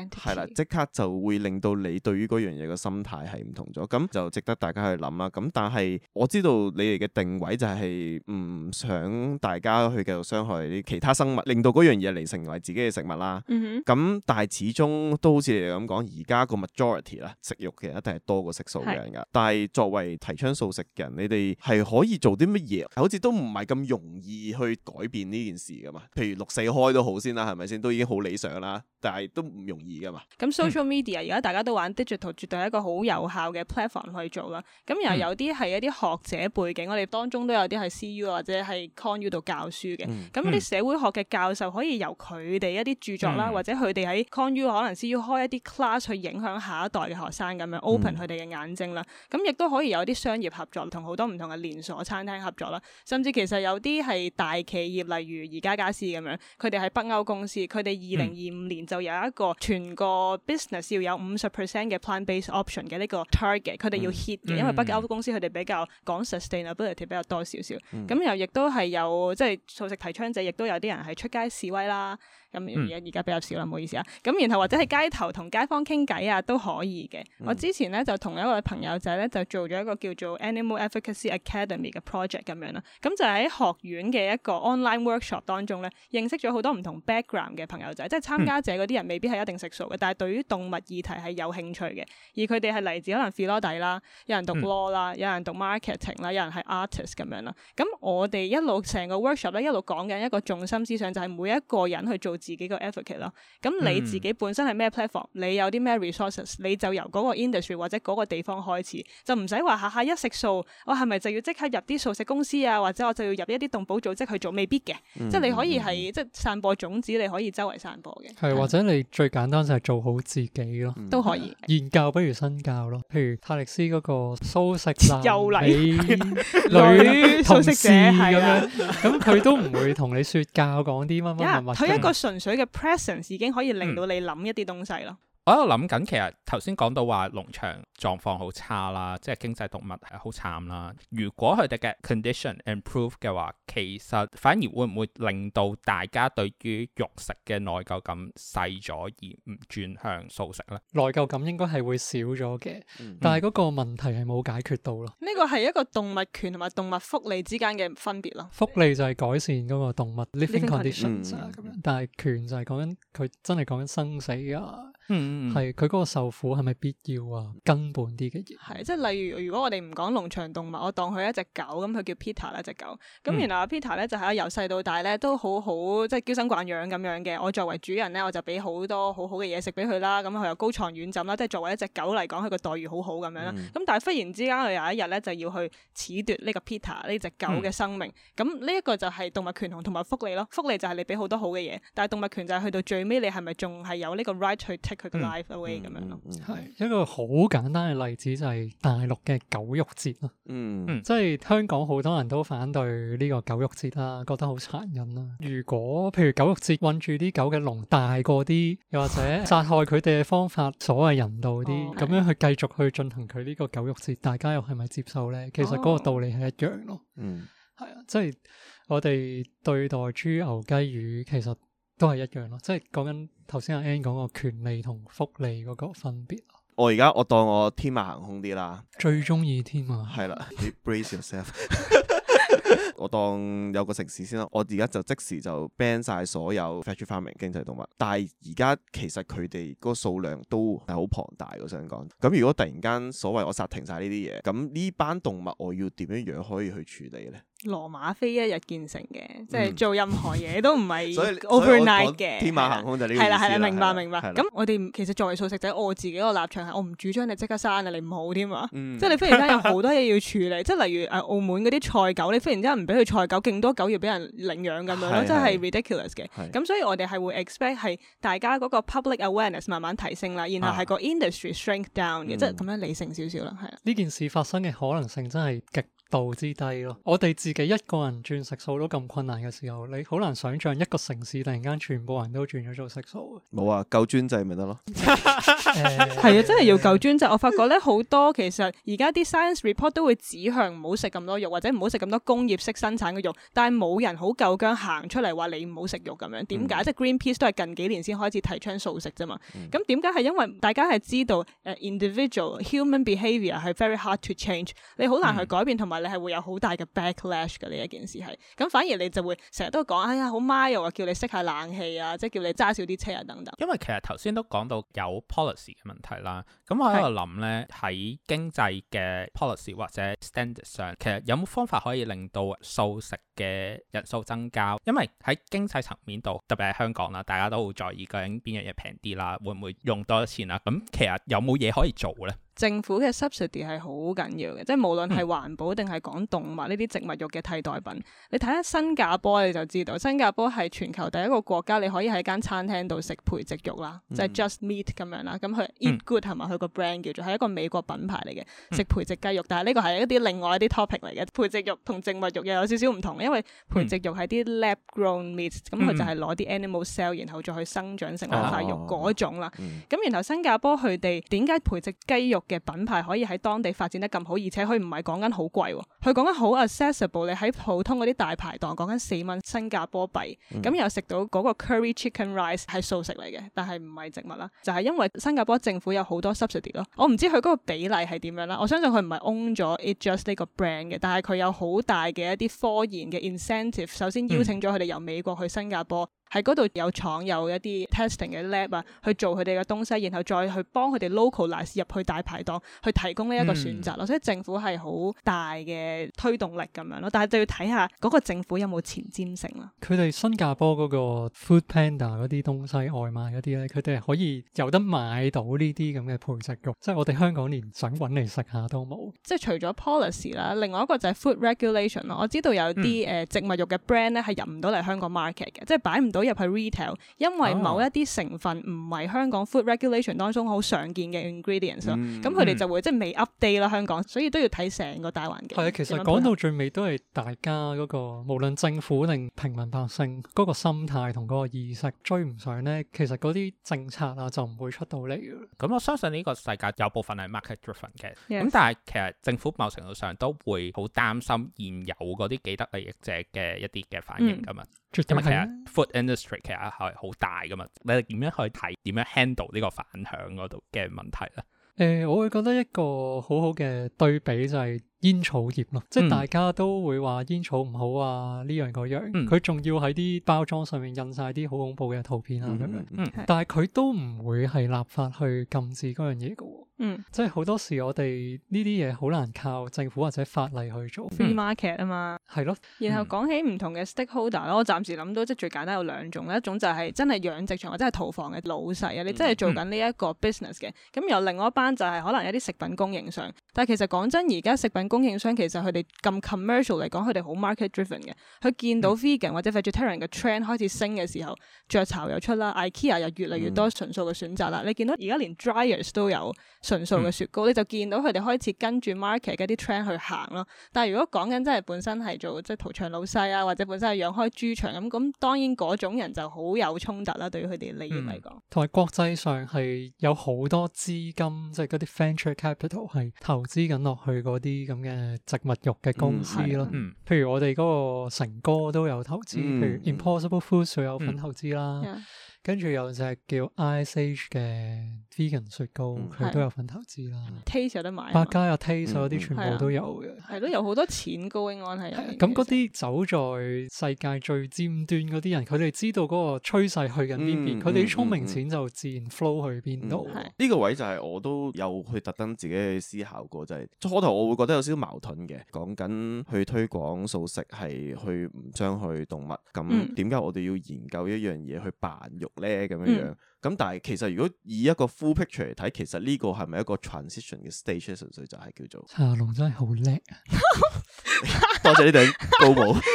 Speaker 4: 係啦，
Speaker 2: 即刻就會令到你對於嗰樣嘢嘅心態係唔同咗，咁就值得大家去諗啦。咁但係我知道你哋嘅定位就係唔想大家去繼續傷害啲其他生物，令到嗰樣嘢嚟成為自己嘅食物啦。咁、mm hmm. 但係始終都好似你哋咁講，而家個 majority 啦，食肉嘅一定係多。個食素嘅人噶，是但係作為提倡素食嘅人，你哋係可以做啲乜嘢？好似都唔係咁容易去改變呢件事噶嘛。譬如六四開都好先啦，係咪先？都已經好理想啦，但係都唔容易噶嘛。
Speaker 4: 咁 social media 而家、嗯、大家都玩 digital，絕對係一個好有效嘅 platform 去做啦。咁又有啲係一啲學者背景，嗯、我哋當中都有啲係 CU 或者係 Con U 度教書嘅。咁啲、嗯、社會學嘅教授可以由佢哋一啲著作啦，嗯、或者佢哋喺 Con U 可能先要開一啲 class 去影響下一代嘅學生咁樣 open 去。他們 哋嘅眼睛啦，咁亦都可以有啲商業合作，同好多唔同嘅連鎖餐廳合作啦，甚至其實有啲係大企業，例如宜家家私咁樣，佢哋係北歐公司，佢哋二零二五年就有一個全個 business 要有五十 percent 嘅 plant based option 嘅呢個 target，佢哋要 hit 嘅，嗯、因為北歐公司佢哋比較講 sustainability 比較多少少，咁、嗯、又亦都係有即係、就是、素食提倡者，亦都有啲人係出街示威啦。咁而而家比較少啦，唔好意思啊。咁然後或者係街頭同街坊傾偈啊都可以嘅。嗯、我之前咧就同一位朋友仔咧就做咗一個叫做 Animal Advocacy Academy 嘅 project 咁樣啦。咁就喺、是、學院嘅一個 online workshop 當中咧，認識咗好多唔同 background 嘅朋友仔，即係參加者嗰啲人未必係一定食素嘅，但係對於動物議題係有興趣嘅。而佢哋係嚟自可能 philology 啦，有人讀 law 啦，有人讀 marketing 啦，有人係 artist 咁樣啦。咁我哋一路成個 workshop 咧一路講緊一個重心思想，就係、是、每一個人去做，自己個 effort 咯，咁你自己本身係咩 platform，你有啲咩 resources，你就由嗰個 industry 或者嗰個地方開始，就唔使話下下一食素，我係咪就要即刻入啲素食公司啊？或者我就要入一啲動保組織去做？未必嘅，即係你可以係即散播種子，你可以周圍散播嘅。
Speaker 3: 係，或者你最簡單就係做好自己咯，都可以。言教不如身教咯，譬如泰力斯嗰個素食，你女同事素食者咁樣，咁佢都唔會同你説教講啲乜乜乜乜，佢一個
Speaker 4: 素。純粹嘅 presence 已經可以令到你諗一啲東西咯。
Speaker 3: 我喺度諗緊，
Speaker 1: 其實頭先講到話農場狀況好差啦，即係經濟動物係好慘啦。如果佢哋嘅 condition improve 嘅話，其實反而會唔會令到大家對於肉食嘅內疚感細咗，而唔轉向素食咧？
Speaker 3: 內疚感應該係會少咗嘅，嗯、但係嗰個問題係冇解決到咯。
Speaker 4: 呢個係一個動物權同埋動物福利之間嘅分別咯。
Speaker 3: 福利就係改善嗰個動物 living condition 咁樣，嗯、但係權就係講緊佢真係講緊生死啊。嗯，係佢嗰個受苦係咪必要啊？根本啲嘅嘢，
Speaker 4: 係即係例如，如果我哋唔講農場動物，我當佢一隻狗，咁佢叫 Peter 啦，隻狗。咁、嗯、原來啊 Peter 咧就係由細到大咧都好好，即係嬌生慣養咁樣嘅。我作為主人咧，我就俾好多好好嘅嘢食俾佢啦。咁佢又高床軟枕啦，即係作為一隻狗嚟講，佢個待遇好好咁樣啦。咁、嗯、但係忽然之間佢有一日咧就要去褫奪呢個 Peter 呢隻狗嘅生命，咁呢一個就係動物權同埋福利咯。福利就係你俾好多好嘅嘢，但係動物權就係去到最尾你係咪仲係有呢個 right to take？佢
Speaker 3: 個 life away 咁樣咯，係一個好簡單嘅例子，就係大陸嘅狗肉節咯。嗯，即、嗯、係香港好多人都反對呢個狗肉節啦，覺得好殘忍啦。如果譬如狗肉節困住啲狗嘅籠大過啲，又或者殺害佢哋嘅方法、哦、所謂人道啲，咁、哦、樣去繼續去進行佢呢個狗肉節，大家又係咪接受咧？其實嗰個道理係一樣咯、哦。嗯，係啊，即、就、係、是、我哋對待豬牛雞魚其實。都係一樣咯，即係講緊頭先阿 Ann 講個權利同福利嗰個分別。
Speaker 2: 我而家我當我天馬行空啲啦，最中意天馬係啦。你 brace yourself。 我當有個城市先啦，我而家就即時就 ban 晒所有 factory farming 經濟動物，但係而家其實佢哋個數量都係好龐大。我想講，咁如果突然間所謂我剎停晒呢啲嘢，咁呢班動物我要點樣樣可以去處理呢？
Speaker 4: 羅馬非一日建成嘅，即係做任何嘢都唔係 overnight 嘅。天馬行空就呢個意思係啦，係啦，明白，明白。咁我哋其實作為素食者，我自己個立場係，我唔主張你即刻生，啊，你唔好添啊。即係你忽然間有好多嘢要處理，即係例如誒澳門嗰啲賽狗，你忽然間唔俾佢賽狗，勁多狗要俾人領養咁樣咯，真係 ridiculous 嘅。咁所以我哋係會 expect 係大家嗰個 public awareness 慢慢提升啦，然後係個 industry shrink down 嘅，即係咁樣理性少少啦，係
Speaker 3: 啦。呢件事發生嘅可能性真係極。度之低咯，我哋自己一個人轉食素都咁困難嘅時候，你好難想象一個城市突然間全部人都轉咗做食素。
Speaker 2: 冇啊，夠專制咪得咯。
Speaker 4: 係啊，真係要夠專制。我發覺咧，好多其實而家啲 science report 都會指向唔好食咁多肉，或者唔好食咁多工業式生產嘅肉。但係冇人好夠薑行出嚟話你唔好食肉咁樣，點解？即係、嗯、Greenpeace 都係近幾年先開始提倡素食啫嘛。咁點解？係因為大家係知道誒 individual human behaviour 係 very hard to change，你好難去改變同埋。嗯你係會有好大嘅 backlash 嘅呢一件事係，咁反而你就會成日都講，哎呀好 mile 啊，ire, 叫你熄下冷氣啊，即係叫你揸少啲車啊等等。
Speaker 1: 因為其實頭先都講到有 policy 嘅問題啦，咁我喺度諗呢，喺係經濟嘅 policy 或者 standard 上，其實有冇方法可以令到素食嘅人數增加？因為喺經濟層面度，特別喺香港啦，大家都會在意究竟邊樣嘢平啲啦，會唔會用多錢啦，啊？咁其實有冇嘢可以做呢？
Speaker 4: 政府嘅 subsidy 係好緊要嘅，即係無論係環保定係講動物呢啲植物肉嘅替代品，你睇下新加坡你就知道，新加坡係全球第一個國家，你可以喺間餐廳度食培植肉啦，即係、嗯、just meat 咁樣啦，咁佢 eat good 同埋佢個 brand 叫做係一個美國品牌嚟嘅，食培植雞肉，但係呢個係一啲另外一啲 topic 嚟嘅，培植肉同植物肉又有少少唔同，因為培植肉係啲 lab grown meat，咁佢、嗯嗯、就係攞啲 animal cell 然後再去生長成一塊肉嗰種啦，咁、哦嗯、然後新加坡佢哋點解培植雞肉？嘅品牌可以喺當地發展得咁好，而且佢唔係講緊好貴，佢講緊好 accessible。你喺普通嗰啲大排檔講緊四蚊新加坡幣，咁又食到嗰個 curry chicken rice 係素食嚟嘅，但係唔係植物啦，就係因為新加坡政府有好多 subsidy 咯。我唔知佢嗰個比例係點樣啦。我相信佢唔係 own 咗 it just 呢個 brand 嘅，但係佢有好大嘅一啲科研嘅 incentive。首先邀請咗佢哋由美國去新加坡。嗯喺度有廠有一啲 testing 嘅 lab 啊，去做佢哋嘅東西，然後再去幫佢哋 localise 入去大排檔，去提供呢一個選擇咯。嗯、所以政府係好大嘅推動力咁樣咯，但係就要睇下嗰個政府有冇前瞻性啦。
Speaker 3: 佢哋新加坡嗰個 food panda 嗰啲東西外賣嗰啲咧，佢哋係可以有得買到呢啲咁嘅培植肉，即係我哋香港連想揾嚟食下都冇。
Speaker 4: 即係除咗 policy 啦，另外一個就係 food regulation 咯。我知道有啲誒、嗯呃、植物肉嘅 brand 咧係入唔到嚟香港 market 嘅，即係擺唔到。走入去 retail，因為某一啲成分唔係香港 food regulation 當中好常見嘅 ingredients 咯、嗯，咁佢哋就會、嗯、即係未 update 啦香港，所以都要睇成個大環境。係啊，其實講到
Speaker 3: 最尾都係大家嗰、嗰個，無論政府定平民百姓嗰、嗰個心態同嗰個意識追唔上咧，其實嗰啲政策啊就唔會出到嚟。咁我相
Speaker 1: 信呢個世界有部分係 market driven 嘅，咁 Yes. 但係其實政府某程度上都會好擔心現有嗰啲既得利益者嘅一啲嘅反應，噶嘛、嗯，因為其實係好大噶嘛，你哋點樣去睇，點樣 handle 呢個反響嗰度嘅問題咧？
Speaker 3: 誒、欸，我會覺得一個好好嘅對比就係，是。煙草業咯，嗯、即係大家都會話煙草唔好啊呢樣嗰樣，佢仲、嗯、要喺啲包裝上面印晒啲好恐怖嘅圖片啊咁樣，但係佢都唔會係立法去禁止嗰樣嘢嘅，嗯、即係好多時我哋呢啲嘢好難靠政府或者法例去做 free
Speaker 4: market 啊嘛，係咯。嗯、然後講起唔同嘅 stakeholder 咯，我暫時諗到即係最簡單有兩種，一種就係真係養殖場或者係屠房嘅老細啊，你真係做緊呢一個 business 嘅，咁然後另外一班就係可能有啲食品供應上。但係其實講真，而家食品供應商其實佢哋咁 commercial 嚟講，佢哋好 market driven 嘅。佢見到 vegan 或者 vegetarian 嘅 trend 開始升嘅時候，雀、嗯、巢又出啦，IKEA 又越嚟越多純素嘅選擇啦。嗯、你見到而家連 dryers 都有純素嘅雪糕，嗯、你就見到佢哋開始跟住 market 嘅啲 trend 去行咯。但係如果講緊真係本身係做即係屠場老細啊，或者本身係養開豬場咁，咁當然嗰種人就好有衝突啦、啊，對於佢哋利益嚟講。同
Speaker 3: 埋、嗯、國際上係有好多資金，即、就、係、是、嗰啲 venture capital 係。投資緊落去嗰啲咁嘅植物肉嘅公司咯，嗯嗯、譬如我哋嗰個成哥都有投資，嗯、譬如 Impossible Foods 有份投資啦，嗯、跟住有隻叫 Isage 嘅。Penguin 雪糕佢都有份投資啦
Speaker 4: ，Taste 有得買，百佳有 Taste 所有啲全部都有嘅，係咯有好多錢 going on 係
Speaker 3: 咁，嗰啲走在世界最尖端嗰啲人，佢哋知道嗰個趨勢去緊邊邊，佢哋啲聰明錢就自然 flow 去邊度。呢個位就係
Speaker 2: 我都有去特登自己去思考過，就係初頭我會覺得有少少矛盾嘅，講緊去推廣素食係去唔傷害動物，咁點解我哋要研究一樣嘢去扮肉咧？咁樣樣。咁但係其實如果以一個 full picture 嚟睇，其實呢個係咪一個 transition 嘅 stage 咧？純粹就係叫做
Speaker 4: 茶龍真係好叻，
Speaker 2: 啊， 多謝呢頂高帽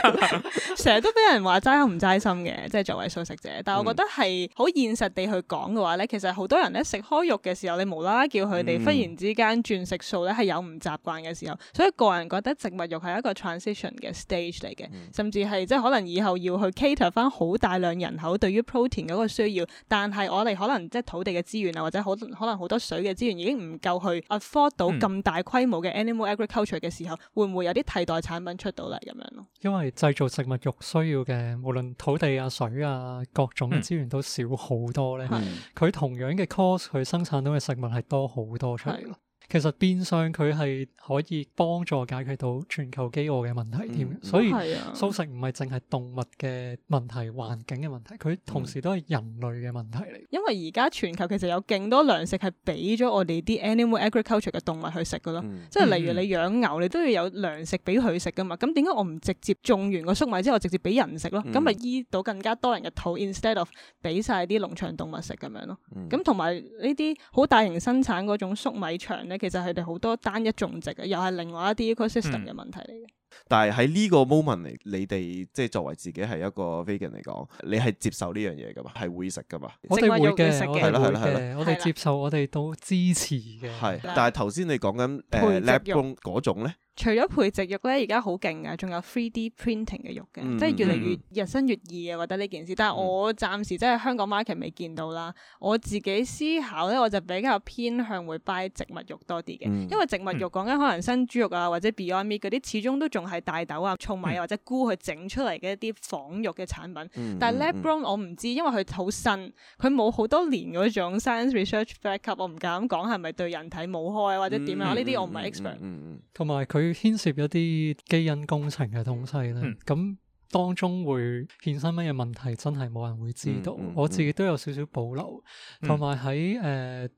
Speaker 4: 成日都俾人話齋口唔齋心嘅，即係作為素食者。但係我覺得係好現實地去講嘅話咧，嗯、其實好多人咧食開肉嘅時候，你無啦啦叫佢哋忽然之間轉食素咧，係有唔習慣嘅時候。所以個人覺得植物肉係一個 transition 嘅 stage 嚟嘅，甚至係即係可能以後要去 cater 翻好大量人口對於 protein 嗰個需要。但係我哋可能即係土地嘅資源啊，或者好可能好多水嘅資源已經唔夠去 afford 到咁大規模嘅 animal agriculture 嘅時候，嗯、會唔會有啲替代產品出到嚟咁樣咯？
Speaker 3: 因為製造植物肉需要嘅無論土地啊、水啊各種嘅資源都少好多咧，佢、嗯、同樣嘅 cost 佢生產到嘅食物係多好多出嚟。其實變相佢係可以幫助解決到全球飢餓嘅問題添，嗯、所以素食唔係淨係動物嘅問題、環境嘅問題，佢同時都係人類嘅問題嚟。
Speaker 4: 因為而家全球其實有勁多糧食係俾咗我哋啲 animal agriculture 嘅動物去食噶咯，嗯、即係例如你養牛，嗯、你都要有糧食俾佢食噶嘛。咁點解我唔直接種完個粟米之後我直接俾人食咯？咁咪、嗯、醫到更加多人嘅肚，instead of 俾晒啲農場動物食咁樣咯。咁同埋呢啲好大型生產嗰種粟米場咧。其實佢哋好多單一種植嘅，又係另外一啲 ecosystem
Speaker 3: 嘅問題嚟嘅、嗯。
Speaker 2: 但係喺呢個 moment 嚟，你哋即係作為自己係一個 vegan 嚟講，你係接受呢樣嘢㗎嘛？係會食㗎嘛？我哋會嘅，係咯，係咯，
Speaker 3: 我哋接受，我哋都支持嘅。係的的，但係頭先
Speaker 2: 你講緊誒 lab grown 嗰種咧？
Speaker 4: 除咗培植肉咧，而家好勁嘅，仲有 3D printing 嘅肉嘅，嗯、即係越嚟越日新月異啊！覺得呢件事，但係我暫時即係香港 market 未見到啦。我自己思考咧，我就比較偏向會 buy 植物肉多啲嘅，嗯、因為植物肉講緊、嗯、可能新豬肉啊，或者 Beyond Meat 嗰啲，始終都仲係大豆啊、糙米、啊嗯、或者菇去整出嚟嘅一啲仿肉嘅產品。嗯、但係 Lab Grown 我唔知，因為佢好新，佢冇好多年嗰種 science research backup 我唔敢講，係咪對人體冇害或者點樣。呢啲、嗯嗯、我唔係 expert。
Speaker 3: 同埋佢。佢牽涉一啲基因工程嘅東西咧，咁當中會衍生乜嘢問題,真係冇人會知道。我自己都有少少保留，同埋喺誒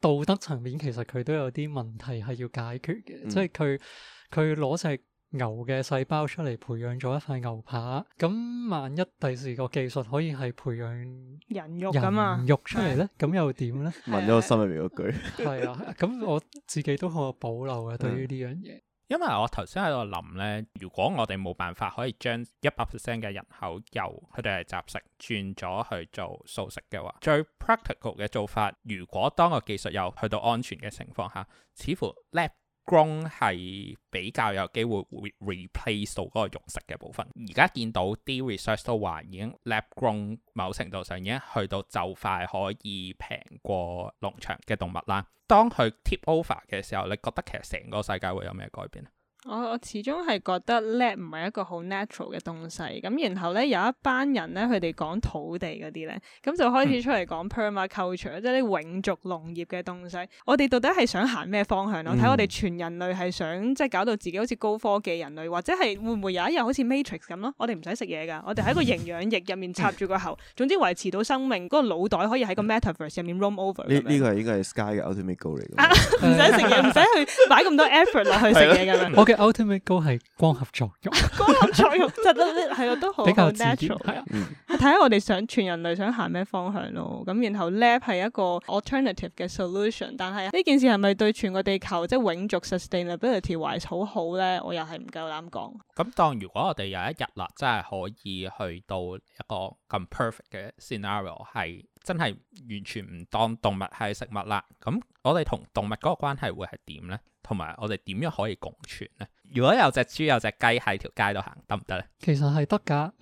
Speaker 3: 道德層面，其實佢都有啲問題係要解決嘅。即係佢佢攞隻牛嘅細胞出嚟培養咗一塊牛扒，咁萬一第時個技術可以係培養人肉咁。人肉出嚟咧，咁又點咧？問
Speaker 2: 咗我心入面嗰句。
Speaker 3: 係啊，咁我自己都好有保留嘅，對於呢樣嘢。因為我頭
Speaker 1: 先喺度諗呢，如果我哋冇辦法可以將一百 percent 嘅人口由佢哋係雜食轉咗去做素食嘅話，最 practical 嘅做法，如果當個技術又去到安全嘅情況下，似乎呢 grown 係比較有機會會 replace 到嗰個肉食嘅部分。而家見到啲 research 都話已經 lab grown 某程度上已經去到就快可以平過農場嘅動物啦。當佢 tip over 嘅時候，你覺得其實成個世界會有咩改變？
Speaker 4: 我我始終係覺得 Lab 唔係一個好 natural 嘅東西，咁然後咧有一班人咧佢哋講土地嗰啲咧，咁就開始出嚟講 permaculture，即係啲永續農業嘅東西。我哋到底係想行咩方向咯？睇、嗯、我哋全人類係想即係搞到自己好似高科技人類，或者係會唔會有一日好似 Matrix 咁咯？我哋唔使食嘢噶，我哋喺個營養液入面插住個喉，嗯、總之維持到生命，嗰、嗰個腦袋可以喺個 metaverse 入面 r o m over 這。呢呢個
Speaker 2: 係應該係 Sky 嘅 ultimate goal 嚟噶。唔使食嘢，唔使
Speaker 4: 啊、去擺咁多 effort 落去食
Speaker 2: 嘢噶。 Ultimate goal 係
Speaker 3: 光， 光合作用，光合作用，係啊，都好 比較 natural，係啊。
Speaker 4: 睇下 我哋想全人類想行咩方向咯。咁然後 lab 係一個 alternative 嘅 solution，但係呢件事係咪對全個地球即係永續 sustainability wise 好好咧？我又係唔夠膽講。
Speaker 1: 咁當如果我哋有一日啦，真係可以去到一個咁 perfect 嘅 scenario，係真係完全唔當動物係食物啦。咁我哋同動物嗰個關係會係點咧？同埋我哋點樣可以共存呢？如果有隻豬有隻雞喺條街度行，得唔得呢？
Speaker 3: 其實係得噶，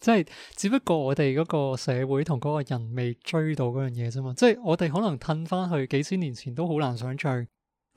Speaker 3: 即 係只不過我哋嗰個社會同嗰個人未追到嗰樣嘢啫嘛。即係我哋可能褪翻去幾千年前都好難想象，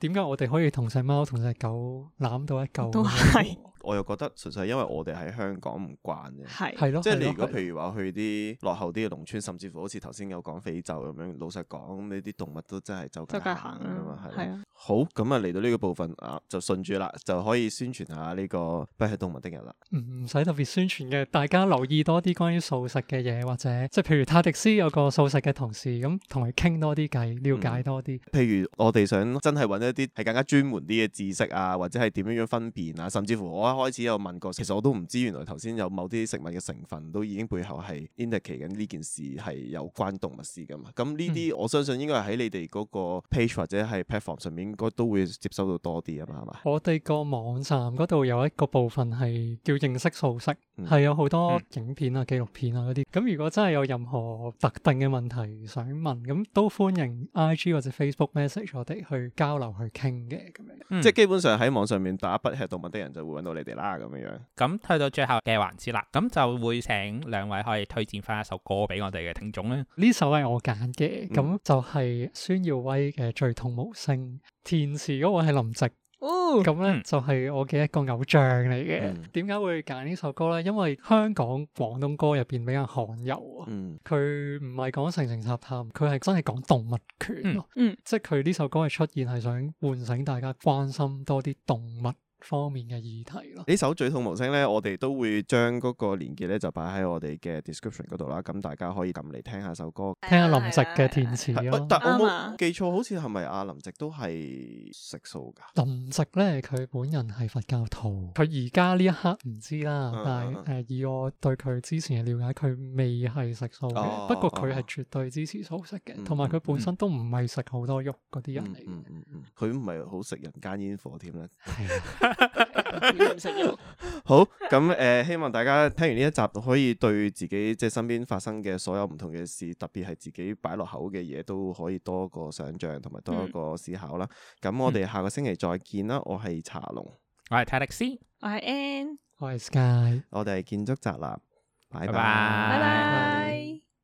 Speaker 3: 點解我哋可以同隻貓同隻狗攬到一嚿。都是
Speaker 2: 我又覺得純粹係因為我哋喺香港唔慣嘅。係係咯，即係你如果譬如話去啲落後啲嘅農村，的甚至乎好似頭先有講非洲咁樣，老實講，呢啲動物都真係走走街行啊嘛，係啊，的嗯、好咁啊，嚟到呢個部分啊，就順住啦，就可以宣傳下呢、這個、嗯、不吃動物的人啦。
Speaker 3: 唔唔使特別宣傳嘅，大家留意多啲關於素食嘅嘢，或者即係譬如泰迪斯有個素食嘅同事咁，同佢傾多啲偈，了解多啲、嗯。
Speaker 2: 譬如我哋想真係揾一啲係更加專門啲嘅知識啊，或者係點樣樣分辨啊，甚至乎我。一開始有問過，其實我都唔知原來頭先有某啲食物嘅成分都已經背後係 indicate 緊呢件事係有關動物事噶嘛？咁呢啲我相信應該係喺你哋嗰個 page 或者係 platform 上面，應該都會接收到多啲啊嘛？係嘛？
Speaker 3: 我哋個網站嗰度有一個部分係叫認識素食。係有好多、嗯、影片啊、紀錄片啊嗰啲。咁如果真係有任何特定嘅問題想問，咁都歡迎 IG 或者 Facebook message 我哋去交流去傾嘅。咁樣，嗯、
Speaker 2: 即係基本上喺網上面打不吃動物的人
Speaker 1: 就會揾到你哋啦。咁樣樣。咁、嗯、去到最後嘅環節啦，咁就會請兩位可以推薦翻一首歌俾我哋嘅聽眾咧。
Speaker 3: 呢首係我揀嘅，咁就係孫耀威嘅《最痛無聲》。填詞嗰位係林夕。哦，咁咧、嗯、就係我嘅一個偶像嚟嘅。點解、嗯、會揀呢首歌咧？因為香港廣東歌入邊比較罕有啊。佢唔係講情情塔塔，佢係真係講動物權，嗯，嗯、即係佢呢首歌嘅出現係想喚醒大家關心多啲動物方面嘅議題
Speaker 2: 咯，呢首《最痛無聲》咧，我哋都會將嗰個連結咧就擺喺我哋嘅 description 嗰度啦，咁大家可以撳嚟聽下首歌，
Speaker 3: 聽下林夕嘅填詞咯。但我冇
Speaker 2: 記錯，好似係咪阿林夕都係食素㗎？
Speaker 3: 林夕咧，佢本人係佛教徒，佢而家呢一刻唔知啦，但係誒以我對佢之前嘅了解，佢未係食素嘅。不過佢係絕對支持素食嘅，同埋佢本身都唔係食好多肉嗰啲人
Speaker 2: 嚟。佢唔係好食人間煙火添啦。 好，咁誒、呃，希望大家聽完呢一集，可以對自己即係身邊發生嘅所有唔同嘅事，特別係自己擺落口嘅嘢，都可以多一個想象，同埋多一個思考啦。咁、嗯、我哋下個星期再見啦。我係茶龍，嗯、
Speaker 1: 我係泰力斯，
Speaker 5: 我係是 Ann，
Speaker 1: 我係 Sky，
Speaker 2: 我哋建築宅男，拜拜，拜拜
Speaker 5: bye。Bye bye